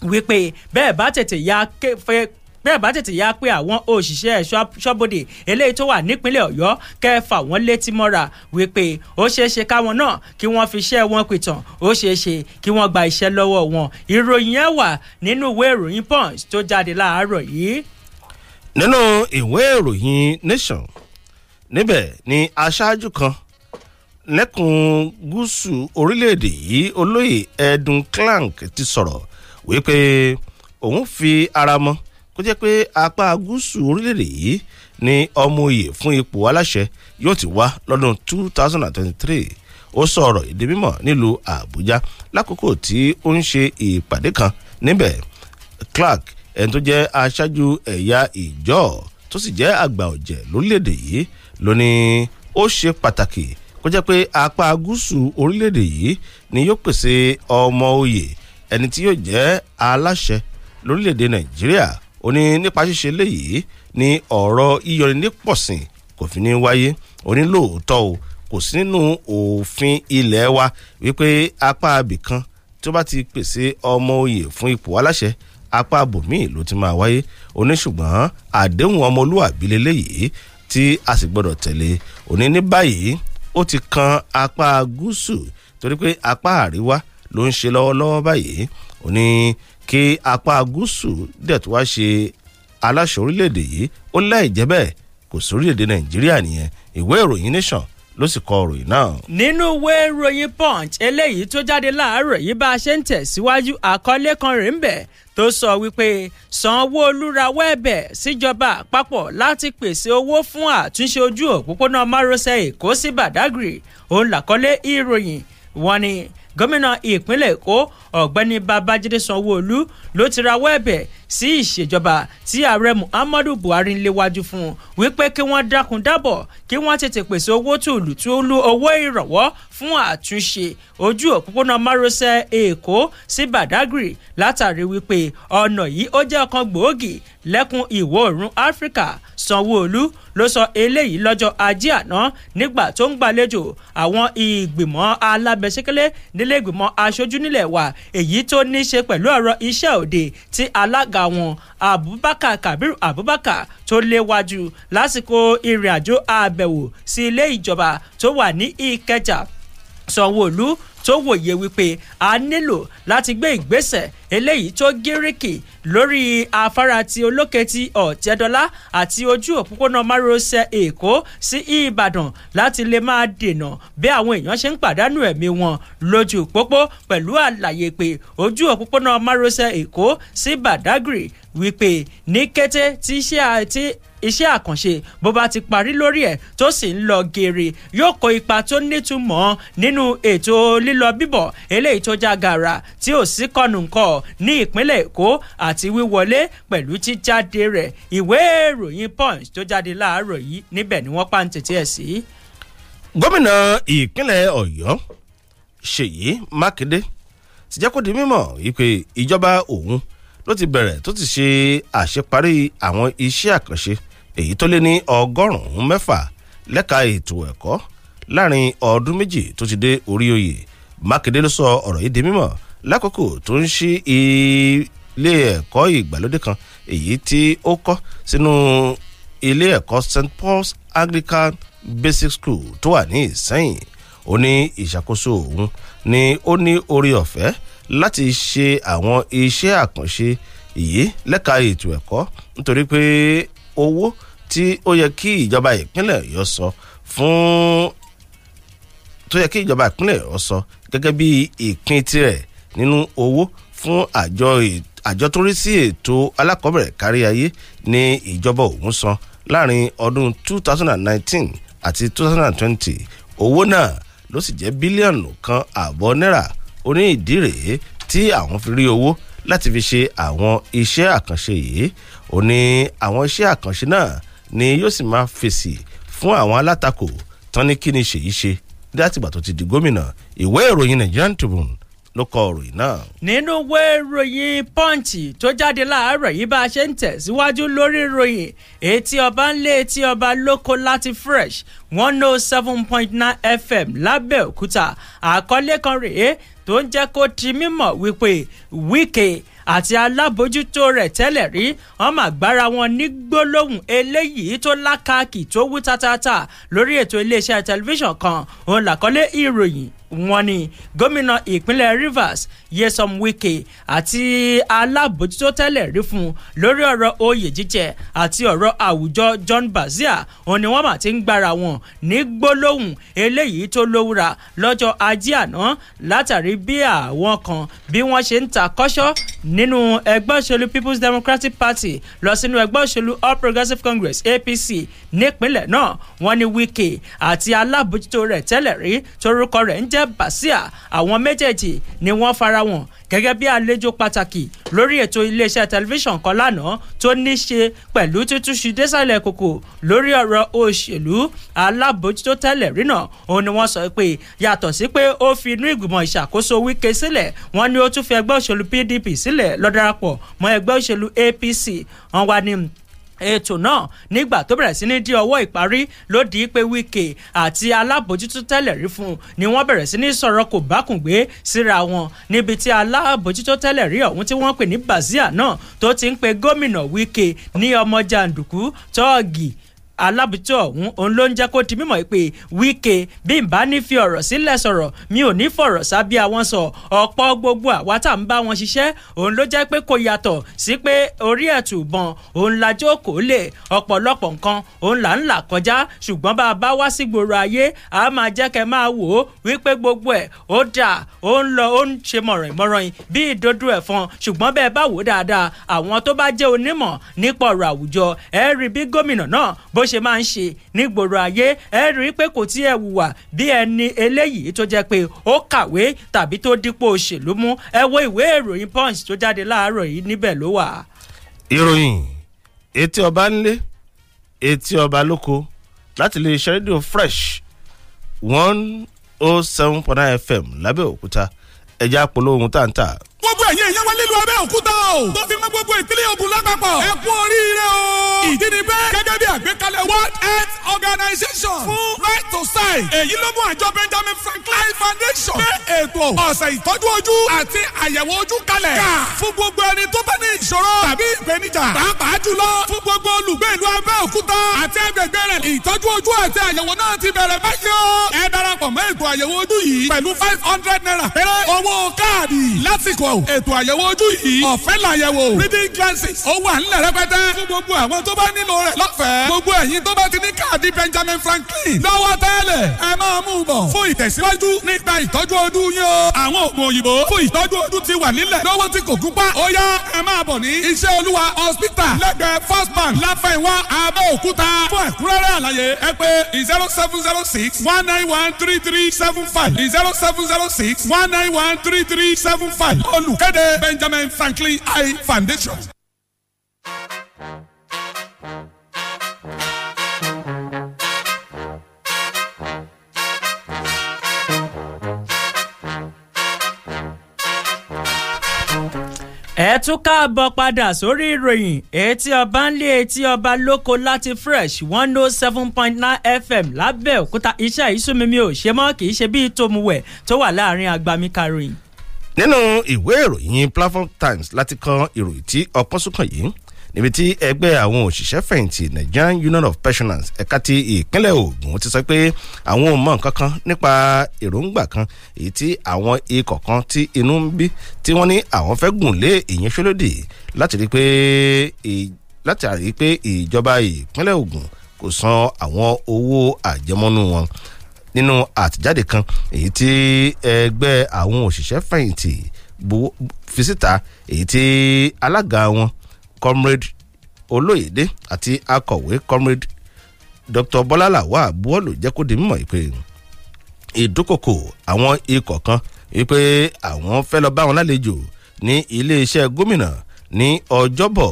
wípé bẹ́ẹ̀ bá tètè ya fẹ́ bẹ́ẹ̀ bá tètè ya pé àwọn òṣìṣẹ́ ṣọ́bodè eléyìí tó wà nípínlẹ̀ ọ̀yọ́ kẹfà wọ́n létí mọ́ra wípé ó ṣeéṣe káwọn náà kí wọ́n fi iṣẹ́ wọn pìtàn ó ṣeéṣe kí wọ́n gba iṣẹ́ lọ́wọ́ wọn ìròyìn ẹ̀ wà nínú ìwé ìròyìn punch tó jáde láàárọ̀ yìí. nínú ìwé ìròyìn nation níbẹ̀ ni aṣáájú kan lẹ́kùn gúúsù orílẹ̀-èdè yìí olóyè edun clank ti sọ̀rọ̀ wípé òun fi ara mọ́ kó jẹ́ pé apá gúúsù orílẹ̀ yìí ni ọmọ oyè fún ipò aláṣẹ yóò ti wá lọ́dún 2023 ó sọ ọ̀rọ̀ ìdí mímọ̀ nílùú àbújá lákòókò tí ó ń ṣe ìpàdé kan níbẹ̀ clark ẹni tó jẹ́ aṣáájú ẹ̀yà ìjọ tó sì jẹ́ àgbà ọ̀jẹ̀ lórílẹ̀‐èdè yìí ló ní ó ṣe pàtàkì kó jẹ́ pé apá gúúsù orílẹ̀ yìí ni yóò pèsè ọmọ oyè ẹni tí yóò jẹ́ aláṣẹ lórílẹ̀‐èdè nàìjíríà ó ní nípa ṣíṣe léyìí ni ọ̀rọ̀ yíyọni nípọ̀sìn kò fi ní wáyé ó ní lóòótọ́ o kò sí nínú òfin ilé wa wípé apá abìkan tó bá ti pèsè ọmọ oyè fún ipò aláṣẹ apá abòmíì ló ti máa wáyé ó ní ṣùgbọ́n àdéhùn ọmọlúwàbí leléyìí tí a sì gbọ́dọ̀ tẹ̀lé ó ní báyìí ó ti kan apá gúúsù torí pé apá àríwá ló ń ṣe lọ́wọ́lọ́wọ́ báyìí ó ní kí apá gúúsù dẹ̀ tó wá ṣe aláṣẹ orílẹ̀-èdè yìí ó láì jẹ́ bẹ́ẹ̀ kò sórílẹ̀-èdè nàìjíríà nìyẹn ìwé ìròyìn nation ló sì kọ ìròyìn náà. nínú ìwé ìròyìn punch eléyìí tó jáde láàárọ̀ yìí bá a ṣe ń tẹ̀síwájú àkọlé kan rèé ń bẹ̀ tó sọ wípé sanwó-olu rawọ́ ẹ̀bẹ̀ síjọba àpapọ̀ láti pèsè owó fún àtúnṣe ojú òpópónà márosẹ̀ èkó sí badagry òun làkọlé ìròyìn wọn ni. Wani, gómìnà ìpínlẹ̀ èkó ọ̀gbẹ́ni babájídé sanwóolu ló ti rawọ́ ẹ̀bẹ̀ sí ìṣèjọba tí ààrẹ muhammadu buhari ń léwájú fún wípé kí wọ́n dákun dábọ̀ kí wọ́n tètè pèsè owó tùlù tùlù owó ìrànwọ́ fún àtúnṣe ojú òpópónà márosẹ̀ èkó sí badagry látàrí wípé ọ̀nà yìí ó jẹ́ ọ̀kan gbòógì lẹ́kùn ìwọ̀ oòrùn áfíríkà sanwó-olu ló sọ eléyìí lọ́jọ́ ajé àná nígbà tó ń gbàlejò àwọn ìgbìmọ̀ alábẹ́sẹ́kẹ́lẹ́ nílé ìgbìmọ̀ aṣojú nílẹ̀ wa èyí tó ní í ṣe pẹ̀lú ọ̀rọ̀ iṣẹ́ òde tí alága wọn abubakar kabir abubakar tó léwájú lásìkò ìrìnàjò àbẹ̀wò sí ilé ìjọba tó wà ní ìkẹjà sanwó-olú tó wòye wípé a nílò láti gbé ìgbésẹ̀ eléyìí tó gíríkì lórí afárá ti olókè ti ọ̀tẹ́dọ́lá àti ojú òpópónà márosẹ̀ èkó sí ìbàdàn láti lè máa dènà bí àwọn èèyàn ṣe ń pàdánù ẹ̀mí wọn lójú pópó pẹ̀lú àlàyé pé ojú òpópónà márosẹ̀ èkó sí badagry wípé ní kété tí iṣẹ́ àti iṣẹ́ àkànṣe bó bá ti parí lórí ẹ̀ tó sì ń lọ geere yóò kó ipa tó nítumọ̀ nínú ètò lílọ bíbọ̀ eléyìí tó já gàrà tí ò sí kọ̀nù ńkọ̀ ní ìpínlẹ̀ Èkó àti wíwọlé pẹ̀lú jíjáde rẹ̀ ìwé ìròyìn Punch tó jáde láàárọ̀ yìí níbẹ̀ ni wọ́n pàǹtẹ̀tì ẹ̀ sí. gómìnà ìpínlẹ̀ Ọ̀yọ́ Ṣèyí Mákindé ti jẹ́ kó di mímọ̀ wípé ìjọba òun ló ti bẹ̀rẹ̀ tó ti ṣe àṣeparí àwọn iṣẹ́ àkànṣe èyí tó lé ní ọgọ́rùn-ún mẹ́fà lẹ́ka ètò ẹ̀kọ́ láàrin ọdún méjì tó ti dé orí oyè mákindé ló sọ ọ̀rọ̀ yìí di mímọ̀ lákòókò tó ń ṣí ilé ẹ̀kọ́ ìgbàlódé kan èyí tí ó kọ́ sínú ilé ẹ̀kọ́ st paul's anglican basic school tó wà ní ìsẹ́yìn ó ní ìṣàkóso òun ni ó ní orí ọ̀fẹ́ láti ṣe àwọn iṣẹ́ àkànṣe yìí lẹ́ka ètò ẹ̀kọ́ nítorí pé owó tí ó yẹ kí ìjọba ìpínlẹ̀ ọ̀yọ́ sọ fún tó yẹ kí ìjọba ìpínlẹ̀ ọ̀yọ́ sọ gẹ́gẹ́ bí ìpín tirẹ̀ nínú owó fún àjọ àjọ tó rí sí ètò alákọ̀ọ́bẹ̀rẹ̀ káríayé ní ìjọba òun san láàrin ọdún 2019 àti 2020 owó náà ló sì jẹ́ bílíọ̀nù kan àbọ̀ náírà ó ní ìdí rèé tí àwọn fi rí owó láti fi ṣe àwọn iṣẹ́ àkànṣe yìí ó ní àwọn iṣẹ́ àkànṣe náà ni yóò sì máa fèsì fún àwọn alátakò tán ní kí ni ṣèyí ṣe látìgbà tó ti di gómìnà ìwé ìròyìn Nigerian Tribune ló kọ ìròyìn náà. nínú ìwé ìròyìn pọ́ǹtì tó jáde láàárọ̀ yìí bá a ṣe ń tẹ̀síwájú lórí ìròyìn etí ọba ń lé etí ọba lóko láti fresh one oh seven point nine fm lábẹ́òkúta àkọlé kan rèé tó ń jẹ́ kó ti mímọ̀ wípé wíkẹ́ àti alábòójútó rẹ̀ tẹ́lẹ̀ rí wọ́n mà gbára wọn ní gbólóhùn eléyìí tó lákàkì tó wú tátátá lórí ètò iléeṣẹ́ tẹlifíṣàn kan òun làkọ́lé ìròyìn wọ́n ní gómìnà ìpínlẹ̀ Rivers Nyesom Wike àti alábòjútó tẹ́lẹ̀ rí fún un lórí ọ̀rọ̀ oyè jíjẹ àti ọ̀rọ̀ àwùjọ John Bazia òun ni wọ́n mà ti ń gbára wọn ní gbólóhùn eléyìí tó lówúra lọ́jọ́ ajé àná látàrí bí àwọn kan bí wọ́n ṣe ń ta kọ́ṣọ́ nínú ẹgbẹ́ òṣèlú People's Democratic Party lọ sínú ẹgbẹ́ òṣèlú All Progressive Congress APC nípínlẹ̀ náà wọ́n ní Wike àti alábòjútó rẹ̀ tẹ́lẹ̀ rí torúkọ rẹ̀ ń jẹ́ Zainab Basia àwọn méjèèjì ni wọ́n fara wọn gẹ́gẹ́ bí àlejò pàtàkì lórí ètò iléeṣẹ́ tẹlifíṣàn kan lánàá tó ní ṣe pẹ̀lú títúnṣu désàlẹ̀ kòkò lórí ọ̀rọ̀ òṣèlú alábòjútó tẹ́lẹ̀ rí náà òun ni wọ́n sọ pé yàtọ̀ sí pé ó fi inú ìgbìmọ̀ ìṣàkóso Wike sílẹ̀ wọ́n ní ó tún fi ẹgbẹ́ òṣèlú PDP sílẹ̀ lọ darapọ̀ mọ́ ẹgbẹ́ òṣèlú APC wọ́n wá ní ètò náà nígbà tó bẹ̀rẹ̀ sí ní di ọwọ́ ìparí ló di pé Wike àti alábòjútó tẹ́lẹ̀ rí fún un ni wọ́n bẹ̀rẹ̀ sí ní sọ̀rọ̀ kò bákùngbé síra wọn níbi tí alábòjútó tẹ́lẹ̀ rí ọ̀hún tí wọ́n pè ní Bazia náà tó ti ń pe gómìnà Wike ní ọmọ jàǹdùkú tọ́ọ̀gì alábùtú ọ̀hún òun ló ń jẹ́ kó di mímọ̀ pé Wike bí n bá ní fi ọ̀rọ̀ sílẹ̀ sọ̀rọ̀ mi ò ní fọ̀rọ̀ sábí àwọn sọ ọ̀pọ̀ gbogbo àwa tá à ń bá wọn ṣiṣẹ́ òun ló jẹ́ pé kò yàtọ̀ sí pé orí ẹ̀tùbọ̀n òun la jókòó lè ọ̀pọ̀lọpọ̀ nǹkan òun là ń là kọjá ṣùgbọ́n bá a bá wá sí gbòòrò ayé a máa jẹ́ kẹ́ máa wò ó wípé gbogbo ẹ̀ ó dà ó ń lọ ó ṣe máa ń ṣe nígboro ayé ẹ rí i pé kò tí ẹ hùwà bí ẹni eléyìí tó jẹ́ pé ó kàwé tàbí tó dípò òṣèlú mú ẹ wo ìwé ìròyìn punch tó jáde láàárọ̀ yìí níbẹ̀ ló wà. ìròyìn etí ọba ńlé etí ọba lóko láti lè ṣe rédíò fresh one oh seven point nine fm lábẹ́òkúta ẹ̀já polówó ohun tá à ń tà gbogbo ẹ̀yin ẹ̀yẹ́ wọn nílùú Abẹ́òkúta o tó fi mọ́ gbogbo ìpínlẹ̀ Ògùn lápapọ̀ ẹ kú oríire o. ìdí ni bẹ́ẹ̀ gẹ́gẹ́ bí àgbékalẹ̀ World Health Organization fún right to sign èyí ló mú àjọ Benjamin Franklin Foundation gbé ètò ọ̀sẹ̀ ìtọ́jú ojú àti àyẹ̀wò ojú kalẹ̀ ká fún gbogbo ẹni tó bá ní ìṣòro tàbí ìpèníjà pàápàá jùlọ fún gbogbo olùgbé ìlú Abẹ́òkúta àti ẹgbẹ̀gbẹ̀ rẹ̀ ìtọ́jú ojú àti àyẹ̀wò náà ti bẹ̀rẹ̀ báyìí ẹ darapọ̀ mọ́ ètò àyẹ̀wò ojú yìí pẹ̀lú five hundred naira pẹ̀lú owó káàdì lásìkò o ètò àyẹ̀wò ojú yìí ọ̀fẹ́ làyẹ̀wò reading glasses ó wà nílẹ̀ rẹpẹtẹ fún gbogbo àwọn tó bá nílò rẹ̀ lọ́fẹ̀ẹ́ gbogbo ẹ̀yin tó bá ti ní káàdì Benjamin Franklin lọ́wọ́ tẹ́lẹ̀ ẹ máa mú un bọ̀ fún ìtẹ̀síwájú nípa ìtọ́jú ojú yín o àwọn oògùn òyìnbó fún ìtọ́jú ojú ti wà nílẹ̀ lọ́wọ́ tí kò gúnpá ó yá ẹ máa bọ̀ ní iṣẹ́ olúwa hospital lẹ́gbẹ̀ẹ́ first bank láfẹ̀wá abẹ́òkúta fún ẹ̀kúnrẹ́rẹ́ àlàyé ẹ pé zero seven zero six one nine one three three seven five zero seven zero six one nine one three three seven five olùkéde Benjamin Franklin Eye Foundation. ẹ tún káàbọ̀ padà sórí ìròyìn etí ọba ńlé etí ọba lóko láti fresh one oh seven point nine fm lábẹ́òkúta iṣẹ́ ìsúnmimi ò ṣe mọ́ kì í ṣe bíi tòmùwẹ̀ tó wà láàrin agbami karòyìn nínú ìwé ìròyìn Platform Times láti kan ìròyìn tí ọpọ́n súnkàn yìí níbi tí ẹgbẹ́ àwọn òṣìṣẹ́ Nigerian Union of Pensioners ẹ̀ka ti ìpínlẹ̀ Ògùn ti sọ pé àwọn ò mọ nǹkan kan nípa èròǹgbà kan èyí tí àwọn ikọ̀ kan tí inú ń bí tí wọ́n ní àwọn fẹ́ gùn lé ìyanṣẹ́lódì láti rí pé látàrí pé ìjọba ìpínlẹ̀ Ògùn kò san àwọn owó àjẹmọ́nú wọn nínú àtẹ̀jáde kan èyí tí ẹgbẹ́ àwọn òṣìṣẹ́ fẹ̀yìntì fi síta èyí tí alága wọn comrade olóyèdè àti akọ̀wé comrade dr bọ́lá làwà buwọ́lù jẹ́ kó di mímọ̀ pé ìdúkòkò àwọn ikọ̀ kan wípé àwọn fẹ́ lọ bá wọn lálejò ní iléeṣẹ́ gómìnà ní ọjọ́bọ̀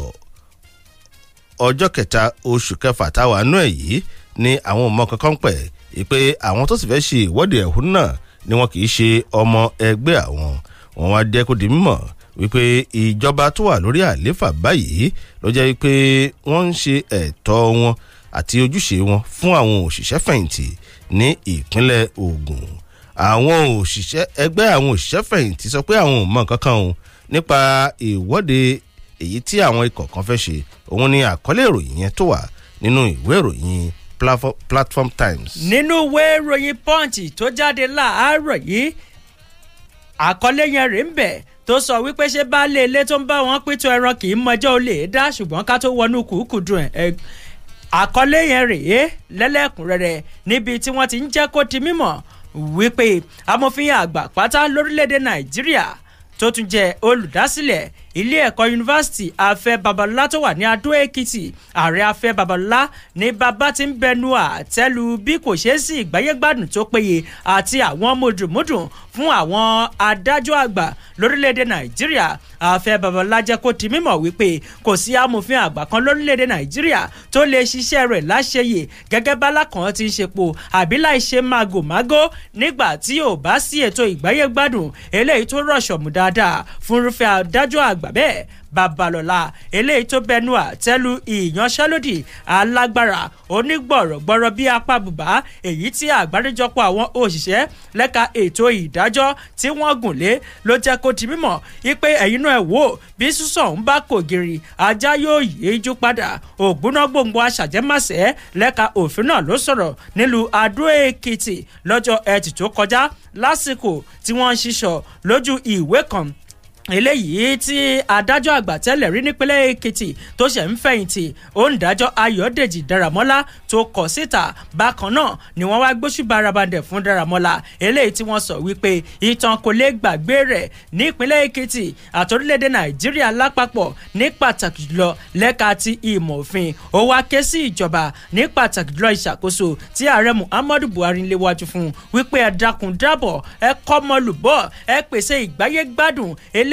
ọjọ́ kẹta oṣù kẹfà táwa nú ẹ̀ yìí ni àwọn ọmọ kankan pẹ̀ pé àwọn tó sì fẹ́ ṣe ìwọ́de ẹ̀hónú náà ni wọn kì í ṣe ọmọ ẹgbẹ́ àwọn wọn wá dẹ́ kó di mímọ̀ wípé ìjọba tó wà lórí àléfà báyìí ló jẹ́ wípé wọ́n ń ṣe ẹ̀tọ́ wọn àti ojúṣe wọn fún àwọn òṣìṣẹ́ fẹ̀yìntì ní ìpínlẹ̀ Ògùn àwọn òṣìṣẹ́ ẹgbẹ́ àwọn òṣìṣẹ́ fẹ̀yìntì sọ pé àwọn ò mọ nǹkan o nípa ìwọ́de èyí tí àwọn ikọ̀ kan fẹ́ ṣe òun ni àkọlé ìròyìn yẹn tó wà nínú ìwé ìròyìn platform times. nínú ìwé ìròyìn punch tó jáde láàárọ̀ yìí àkọlé yẹn rèé ń bẹ̀ tó sọ wípé ṣé baálé ilé tó ń bá wọn pító ẹran kì í mọjọ́ ó lè dá ṣùgbọ́n ká tó wọnú kùkùdùn ẹ̀ àkọlé yẹn rèé lẹ́lẹ́kùnrẹ́rẹ́ níbi tí wọ́n ti ń jẹ́ kó di mímọ̀ wípé amòfin àgbà pátá lórílẹ̀‐èdè nàìjíríà tó tún jẹ́ olùdásílẹ̀ ilé ẹ̀kọ́ yunifásitì afẹ́ babalá tó wà ní adó èkìtì ààrẹ afẹ́ babalá ní bàbá ti ń bẹnu àtẹ́lu bí kò ṣeé sí ìgbáyégbádùn tó péye àti àwọn mùdùmùdùn fún àwọn adájọ́ àgbà lórílẹ̀‐èdè nàìjíríà afẹ́ babalá jẹ́ kó ti mímọ̀ wípé kò sí amòfin àgbà kan lórílẹ̀‐èdè nàìjíríà tó lè ṣiṣẹ́ rẹ̀ láṣeyè gẹ́gẹ́ bálá kan ti ń ṣepo àbí láì ṣe nígbà tí ò bá sí ètò ìgbáyégbádùn eléyìí tó rọ̀ṣọ̀mù dáadáa fúnrúfẹ́ adájọ́ àgbà gbà bẹ́ẹ̀ babalọ́la eléyìí tó bẹnu àtẹ́lu ìyanṣẹ́lódì alágbára onígbọ̀rọ̀gbọ̀rọ̀ bíi apá bùbá èyí tí àgbáríjọpọ̀ àwọn òṣìṣẹ́ lẹ́ka ètò ìdájọ́ tí wọ́n gùn lé ló jẹ́ kó di mímọ̀ wípé ẹ̀yin náà wò bí sísọ̀ ń bá kògiri ajá yóò yíjú padà ògbóná gbòǹgbò aṣàjẹmásẹ́ lẹ́ka òfin náà ló sọ̀rọ̀ nílùú adó èkìtì lọ́jọ́ ẹtì tó kọjá lásìkò tí wọ́n ń ṣiṣọ́ lójú ìwé kan eléyìí tí adájọ́ àgbà tẹ́lẹ̀ rí nípínlẹ̀ èkìtì tó ṣẹ̀ ń fẹ̀yìntì òǹdájọ́ ayọ̀dèjì daramọ́lá tó kọ̀ síta bákan náà ni wọ́n wá gbóṣù barabandẹ̀ fún daramọ́lá eléyìí tí wọ́n sọ wípé ìtàn kò lè gbàgbé rẹ̀ nípínlẹ̀ èkìtì àtòrílẹ̀ nàìjíríà lápapọ̀ ní pàtàkì jùlọ lẹ́ka ti ìmọ̀ òfin ó wá ké sí ìjọba ní pàtàkì jùlọ ìṣàkóso tí ààrẹ muhammadu buhari ń léwájú fún wípé ẹ dákun dábọ̀ ẹ kọ́ mọ́lùbọ́ ẹ pèsè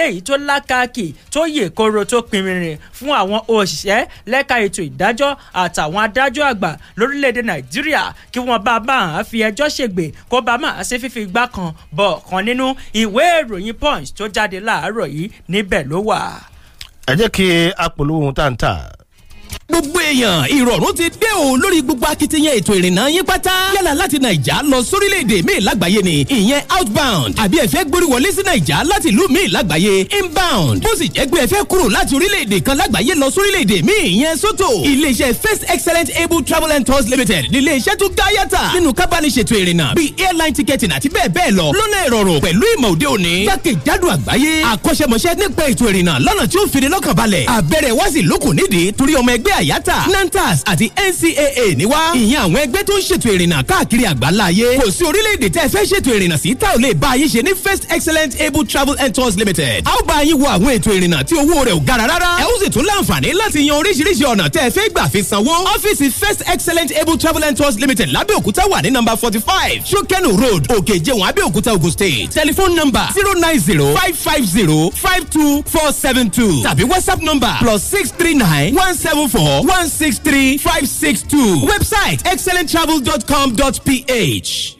eléyìí tó lákàkì tó yè koro tó pinrin fún àwọn òṣìṣẹ́ lẹ́ka ètò ìdájọ́ àtàwọn adájọ́ àgbà lórílẹ̀‐èdè nàìjíríà kí wọ́n bá máa fi ẹjọ́ ṣègbè kó bá máa ṣe fífi igbá kan bọ̀ kan nínú ìwé ìròyìn punch tó jáde láàárọ̀ yìí níbẹ̀ ló wà. ẹ jẹ́ kí a polówó ohun tá à ń tà gbogbo èèyàn ìrọ̀rùn ti dé o lórí gbogbo akitiyan ètò ìrìnnà yín pátá yálà láti nàìjà lọ sórílẹ̀-èdè míì lágbàáyé ni ìyẹn outbound àbí ẹ fẹ́ gbórí wọlé sí nàìjà láti ìlú míì lágbàáyé inbound bó sì jẹ́ pé ẹ fẹ́ kúrò láti orílẹ̀-èdè kan lágbàáyé lọ sórílẹ̀-èdè míì ìyẹn sótò iléeṣẹ́ first excellent able travel and tours limited nílé iṣẹ́ tó gáyàtà nínú kábàániṣètò ìrìnnà bíi airline ticketing àti bẹ́ẹ̀ bẹ́ẹ̀ lọ lọ́nà ìrọ̀rùn pẹ̀lú ìmọ̀ òde òní jákèjádò àgbáyé àkọ́ṣẹ́mọṣẹ́ nípa ètò ìrìnnà lọ́nà tí ó fi ni lọ́kàn balẹ̀ àbẹ̀rẹ̀ wá sí lókùn nídìí torí ọmọ ẹgbẹ́ yàtà nantas àti ncaa ní wá. ìyẹn àwọn ẹgbẹ́ tó ń ṣètò ìrìnnà káàkiri àgbáńlá ayé. kò sí orílẹ̀-èdè tẹ́ ẹ fẹ́ ṣètò ìrìnnà sí tá ò lè bá yín ṣe ní first excellent able travel and tours limited. a ó bá yín wo àwọn ètò ìrìnnà tí owó rẹ̀ ò gara rárá. ẹ ó sì tún láǹfààní láti yan oríṣiríṣi ọ̀nà tẹ́ ẹ fẹ́ gbà fi sanwó. ọ́fíìsì first excellent able travel and tours limited lábẹ́òkúta wà ní nọ́mbà forty five shokenu road òkèjeun abẹ́òkúta ogun state telephone number zero nine zero five five zero five two four seven two tàbí whatsapp number plus six three nine one seven four four one six three five six two website excellenttravel.com.ph.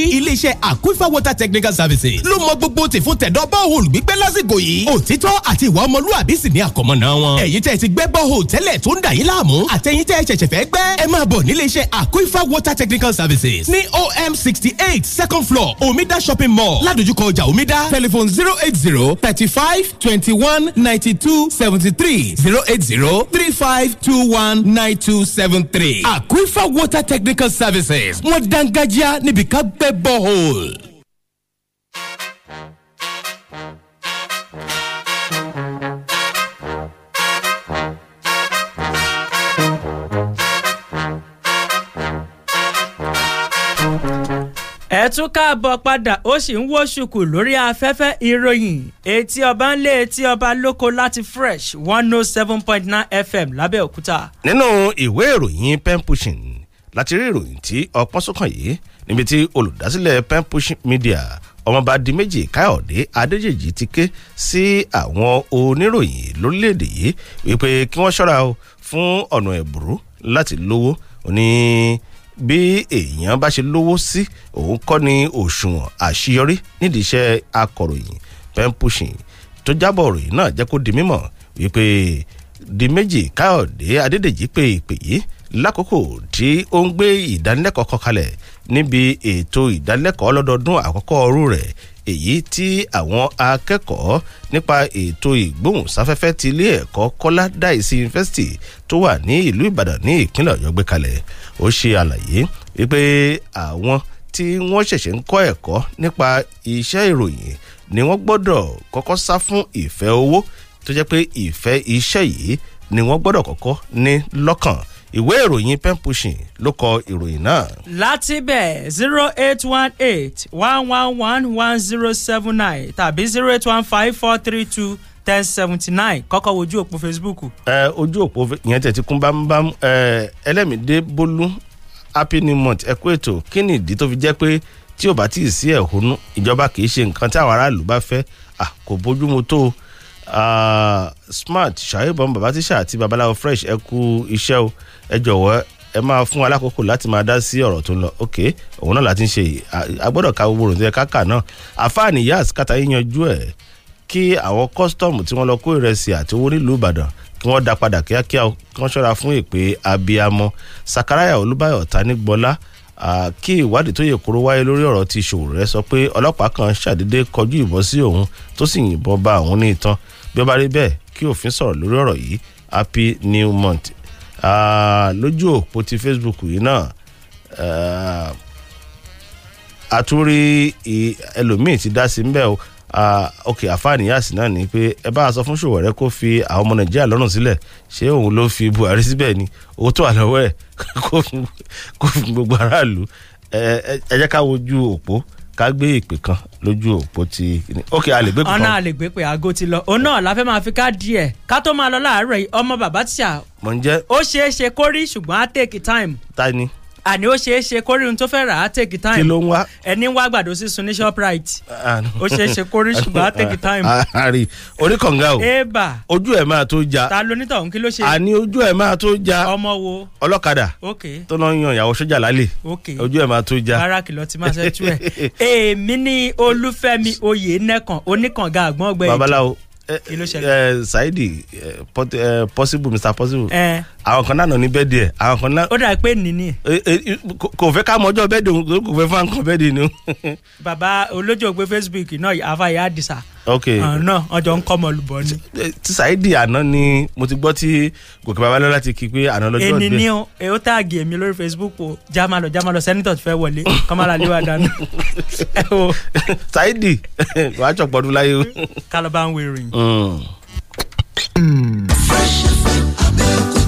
rí iléeṣẹ́ aquifer water technical services ló mọ gbogbo tì fún tẹ̀dọ́ bọ́ọ̀hù gbígbẹ́ lásìkò yìí òtítọ́ àti ìwà ọmọlúwàbí sì ní àkọ́mọ́ná wọn. ẹ̀yin tẹ́ ẹ ti gbẹ́ bọ́ọ̀hù tẹ́lẹ̀ tó ń dà yín láàmú àtẹ̀yin tẹ́ ẹ ṣẹ̀ṣẹ̀ fẹ́ gbẹ́ ẹ máa bọ̀ níléeṣẹ́ aquifer water technical services ní om sixty eight second floor omida shopping mall ládojúkọ ọjà omida telephone zero eight zero thirty five twenty one ninety two seventy three zero eight zero three five two one nine two seven three aquifer water technical services wọ́n dángájá níbi ká gbẹ́ High Borehole. ẹ tún káàbọ̀ padà ó sì ń wó ṣùkù lórí afẹ́fẹ́ ìròyìn etí ọba ń lé etí ọba lóko láti fresh one oh seven point nine fm lábẹ́òkúta. nínú ìwé ìròyìn pen pushing láti rí ìròyìn tí ọpọ́n sókàn yìí níbi tí olùdásílẹ̀ pen pushing media ọmọọba di méjì káyọ̀dé adéjèjì ti ké sí àwọn oníròyìn lórílẹ̀‐èdè yìí wípé kí wọ́n ṣọ́ra o fún ọ̀nà ẹ̀bùrú láti lówó ní bí èèyàn bá ṣe lówó sí òun kọ́ ni òṣùwọ̀n àṣeyọrí nídìí iṣẹ́ akọ̀ròyìn pen pushing tó jábọ̀ ròyìn náà jẹ́ kó di mímọ̀ wípé di méjì káyọ̀dé adédèjì pé ìpè yìí lákòókò tí ó ń gbé ìdánilẹ́kọ̀ọ́ kọ kalẹ̀ níbi ètò ìdálẹ́kọ̀ọ́ lọ́dọọdún àkọ́kọ́ ọrú rẹ̀ èyí tí àwọn akẹ́kọ̀ọ́ nípa ètò ìgbóhùnsáfẹ́fẹ́ ti ilé ẹ̀kọ́ kọ́lá dáìsí yunifásitì tó wà ní ìlú ìbàdàn ní ìpínlẹ̀ ọ̀yọ́ gbé kalẹ̀ ó ṣe àlàyé wípé àwọn tí wọ́n ṣẹ̀ṣẹ̀ ń kọ́ ẹ̀kọ́ nípa iṣẹ́ ìròyìn ni wọ́n gbọ́dọ̀ kọ́kọ́ sá fún ìfẹ́ owó tó jẹ́ pé ìfẹ́ iṣẹ́ yìí ni wọ́n gbọ́dọ̀ kọ́kọ́ ní lọ́kàn ìwé ìròyìn pen ló kọ ìròyìn náà. láti bẹ̀ zero eight one eight one one one one zero seven nine tàbí zero eight one five four three two ten seventy nine kọ́kọ́ wojú òpó facebook. ẹ ojú òpó yẹn tẹ̀ ti kún bámbám ẹ ẹlẹ́mìdé bólú happy new month ẹ kú ètò kí ni ìdí tó fi jẹ́ pé tí ò bá tí ì sí ẹ̀hónú ìjọba kì í ṣe nǹkan tí àwọn aráàlú bá fẹ́ kò bójúmu tó o Ah, smart ṣàyẹ̀bọ̀ bàbá tíṣà àti babaláwo fresh ẹ kú iṣẹ́ o ẹ jọ̀wọ́ ẹ máa fún wa lákòókò láti máa dá sí ọ̀rọ̀ tó ń lọ ok òun náà láti ń ṣe agbọ́dọ̀ ka gbogbo ròǹtẹ̀ káka náà àfáàní yas kátà yíyanjú ẹ̀ kí àwọn kọ́sítọ́ọ̀mù tí wọ́n lọ kó ìrẹsì àti owó nílùú ìbàdàn kí wọ́n dá padà kíákíá kí wọ́n ṣọ́ra fún ìpè abiyamọ sakaraya olúbáyọ̀ tanígbọ́lá kí ìwádìí tó yẹ kóró wáyé lórí ọ̀rọ̀ ti Ṣòwòrẹ́ sọ pé ọlọ́pàá kan ṣàdédé kọjú ìbọn sí òun tó sì yìnbọn bá òun ní itan bí ó bá rí bẹ́ẹ̀ kí òfin sọ̀rọ̀ lórí ọ̀rọ̀ yìí happy new month lójú òpó ti Facebook yìí náà àtúrí ẹlòmíì ti dá sí mbẹ́ o ok àfààní yàsí náà ni pé ẹ bá a sọ fún Ṣòwòrẹ́ kó fi àwọn ọmọ Nàìjíríà lọ́rùn sílẹ̀ ṣé òun ló fi Buhari síbẹ̀ ni owó tó wà lọ́wọ́ ẹ̀ [laughs] kó fún gbogbo aráàlú ẹ jẹ́ ká wojú òpó ká gbé ìpè kan lójú òpó ti ok a kan. ọ̀nà a lè aago ti lọ òun náà la máa fi ká díẹ̀ ká tó máa lọ láàárọ̀ ọmọ bàbá tíṣà. mọ̀ ń jẹ́. ó ṣeé ṣe kó ṣùgbọ́n á take time. ta ni àní ó ṣeé ṣe kó rí ohun tó fẹ́ rà á take time kí ló ń wá ẹni ń wá àgbàdo sísun ní shoprite ó ṣeé ṣe kó ṣùgbọ́n á [laughs] take time. Ari. orí kànga o eba ojú ẹ̀ máa tó ja ta ló nítọ̀hún kí ló ṣe àní ojú ẹ̀ máa tó ja ọmọ wo ọlọ́kadà tó lọ yan ìyàwó sójà lálẹ́ ojú ẹ̀ máa tó ja rárá kìlọ̀ tí máa ṣe tú ẹ̀ [laughs] èmi ni olúfẹ́mi oyè nẹ́kan oníkànga àgbọ̀ngbẹ̀ ìjọ babaláwo eh, kí ló ṣẹlẹ̀ eh, eh, saidi possible mr possible. Eh àwọn kan nànà ní bẹ́ẹ̀dì ẹ̀ àwọn kan náà. ó dà pé nìní. kò fẹ́ ká mọ́jọ́ bẹ́ẹ̀dì òun kò fẹ́ fáwọn kan bẹ́ẹ̀dì ni. [laughs] bàbá olójó gbé Facebook náà àfa ìyá àdìsá. ok náà ọjọ́ ń kọ́ ọmọ olùbọ́ ni. tí Saidi àná ni mo ti gbọ́ tí gòkè babalọ́lá ti kí pé àná lọ́jọ́ òde. èyí ni ó tààgì èmi lórí Facebook o jámàlọ jámàlọ sẹ́nitọ̀ ti fẹ́ wọlé kọ́mọ́lá lé wa dànù. [laughs] [laughs] Saidi wàá chọ̀pọ̀dún láyé o. kálọ̀ bá ń wé Fresh FM Abẹ́òkúta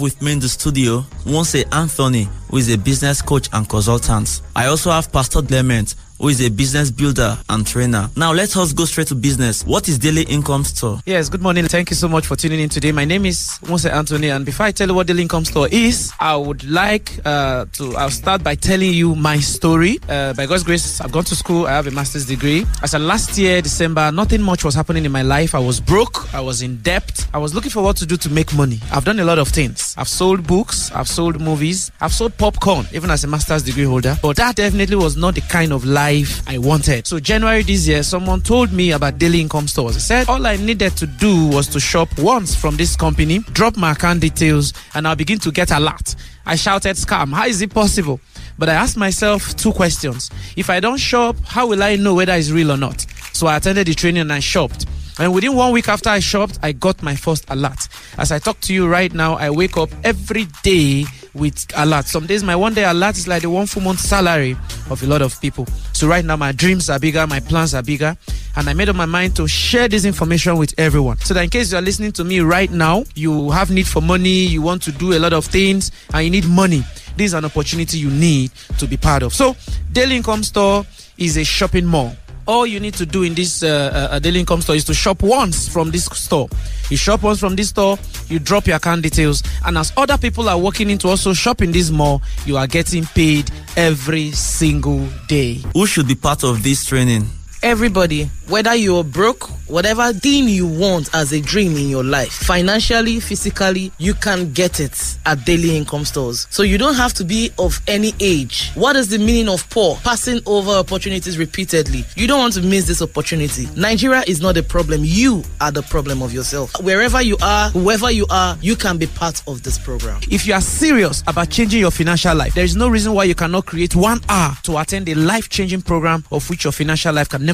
with me in the studio Once a Anthony, who is a business coach and consultant. I also have Pastor Clement, who is a business builder and trainer. Now let us go straight to business. What is Daily Income Store? Yes, good morning. Thank you so much for tuning in today. My name is Mose Anthony, and before I tell you what Daily Income Store is, I would like uh, to I'll start by telling you my story. Uh, by God's grace, I've gone to school. I have a master's degree. As a last year December, nothing much was happening in my life. I was broke. I was in debt. I was looking for what to do to make money. I've done a lot of things. I've sold books. I've sold movies. I've sold popcorn, even as a master's degree holder. But that definitely was not the kind of life life I wanted. So January this year, someone told me about daily income stores. He said all I needed to do was to shop once from this company, drop my account details, and I'll begin to get a lot. I shouted scam. How is it possible? But I asked myself two questions. If I don't shop, how will I know whether it's real or not? So I attended the training and I shopped. And within one week after I shopped, I got my first alert. As I talk to you right now, I wake up every day with alerts. Some days my one day alert is like the one full month salary of a lot of people. So right now my dreams are bigger, my plans are bigger, and I made up my mind to share this information with everyone. So that in case you are listening to me right now, you have need for money, you want to do a lot of things, and you need money. This is an opportunity you need to be part of. So Daily Income Store is a shopping mall all you need to do in this uh, uh, uh, daily income store is to shop once from this store. You shop once from this store, you drop your account details, and as other people are walking into also shopping this mall, you are getting paid every single day. Who should be part of this training? everybody, whether you're broke, whatever thing you want as a dream in your life, financially, physically, you can get it at daily income stores. So you don't have to be of any age. What is the meaning of poor? Passing over opportunities repeatedly. You don't want to miss this opportunity. Nigeria is not a problem. You are the problem of yourself. Wherever you are, whoever you are, you can be part of this program. If you are serious about changing your financial life, there is no reason why you cannot create one hour to attend a life changing program of which your financial life can never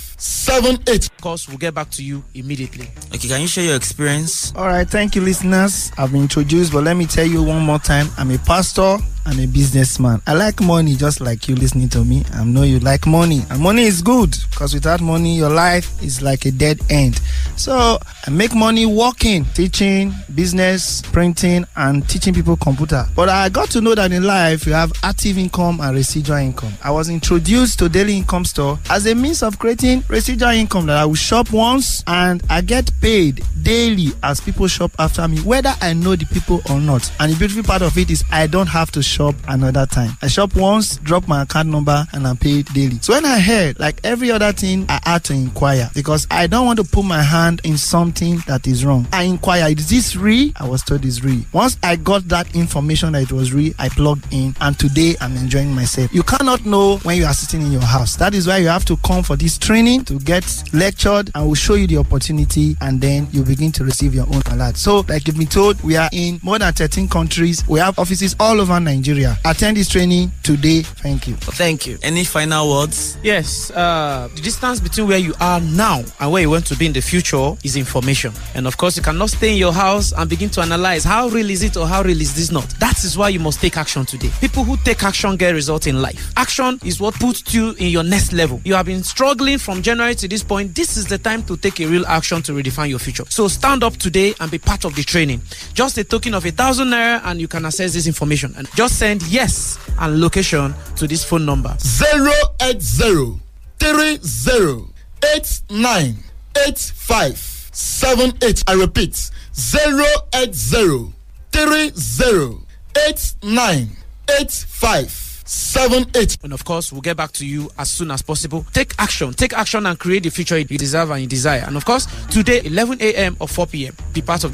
seven eight. Of course, we'll get back to you immediately. Okay, can you share your experience? All right, thank you, listeners. I've been introduced, but let me tell you one more time. I'm a pastor. I'm a businessman. I like money, just like you listening to me. I know you like money, and money is good because without money, your life is like a dead end. So I make money working, teaching, business, printing, and teaching people computer. But I got to know that in life you have active income and residual income. I was introduced to daily income store as a means of creating residual income that I will shop once and I get paid daily as people shop after me, whether I know the people or not. And the beautiful part of it is I don't have to shop another time. I shop once, drop my account number, and I'm paid daily. So when I heard, like every other thing, I had to inquire because I don't want to put my hand hand in something that is wrong. I inquired, is this real? I was told it's real. Once I got that information that it was real, I plugged in and today I'm enjoying myself. You cannot know when you are sitting in your house. That is why you have to come for this training to get lectured and we'll show you the opportunity and then you begin to receive your own alert. So, like you've been told, we are in more than 13 countries. We have offices all over Nigeria. Attend this training today. Thank you. Well, thank you. Any final words? Yes. Uh, the distance between where you are now and where you want to be in the future is information. And of course, you cannot stay in your house and begin to analyze how real is it or how real is this not. That is why you must take action today. People who take action get results in life. Action is what puts you in your next level. You have been struggling from January to this point. This is the time to take a real action to redefine your future. So stand up today and be part of the training. Just a token of a thousand naira and you can access this information. And just send yes and location to this phone number 080 eight five seven eight I repeat zero eight zero three zero eight nine eight five seven eight. And of course, we'll get back to you as soon as possible. Take action, take action, and create the future you deserve and you desire. And of course, today 11 a.m. or 4 p.m. Be part of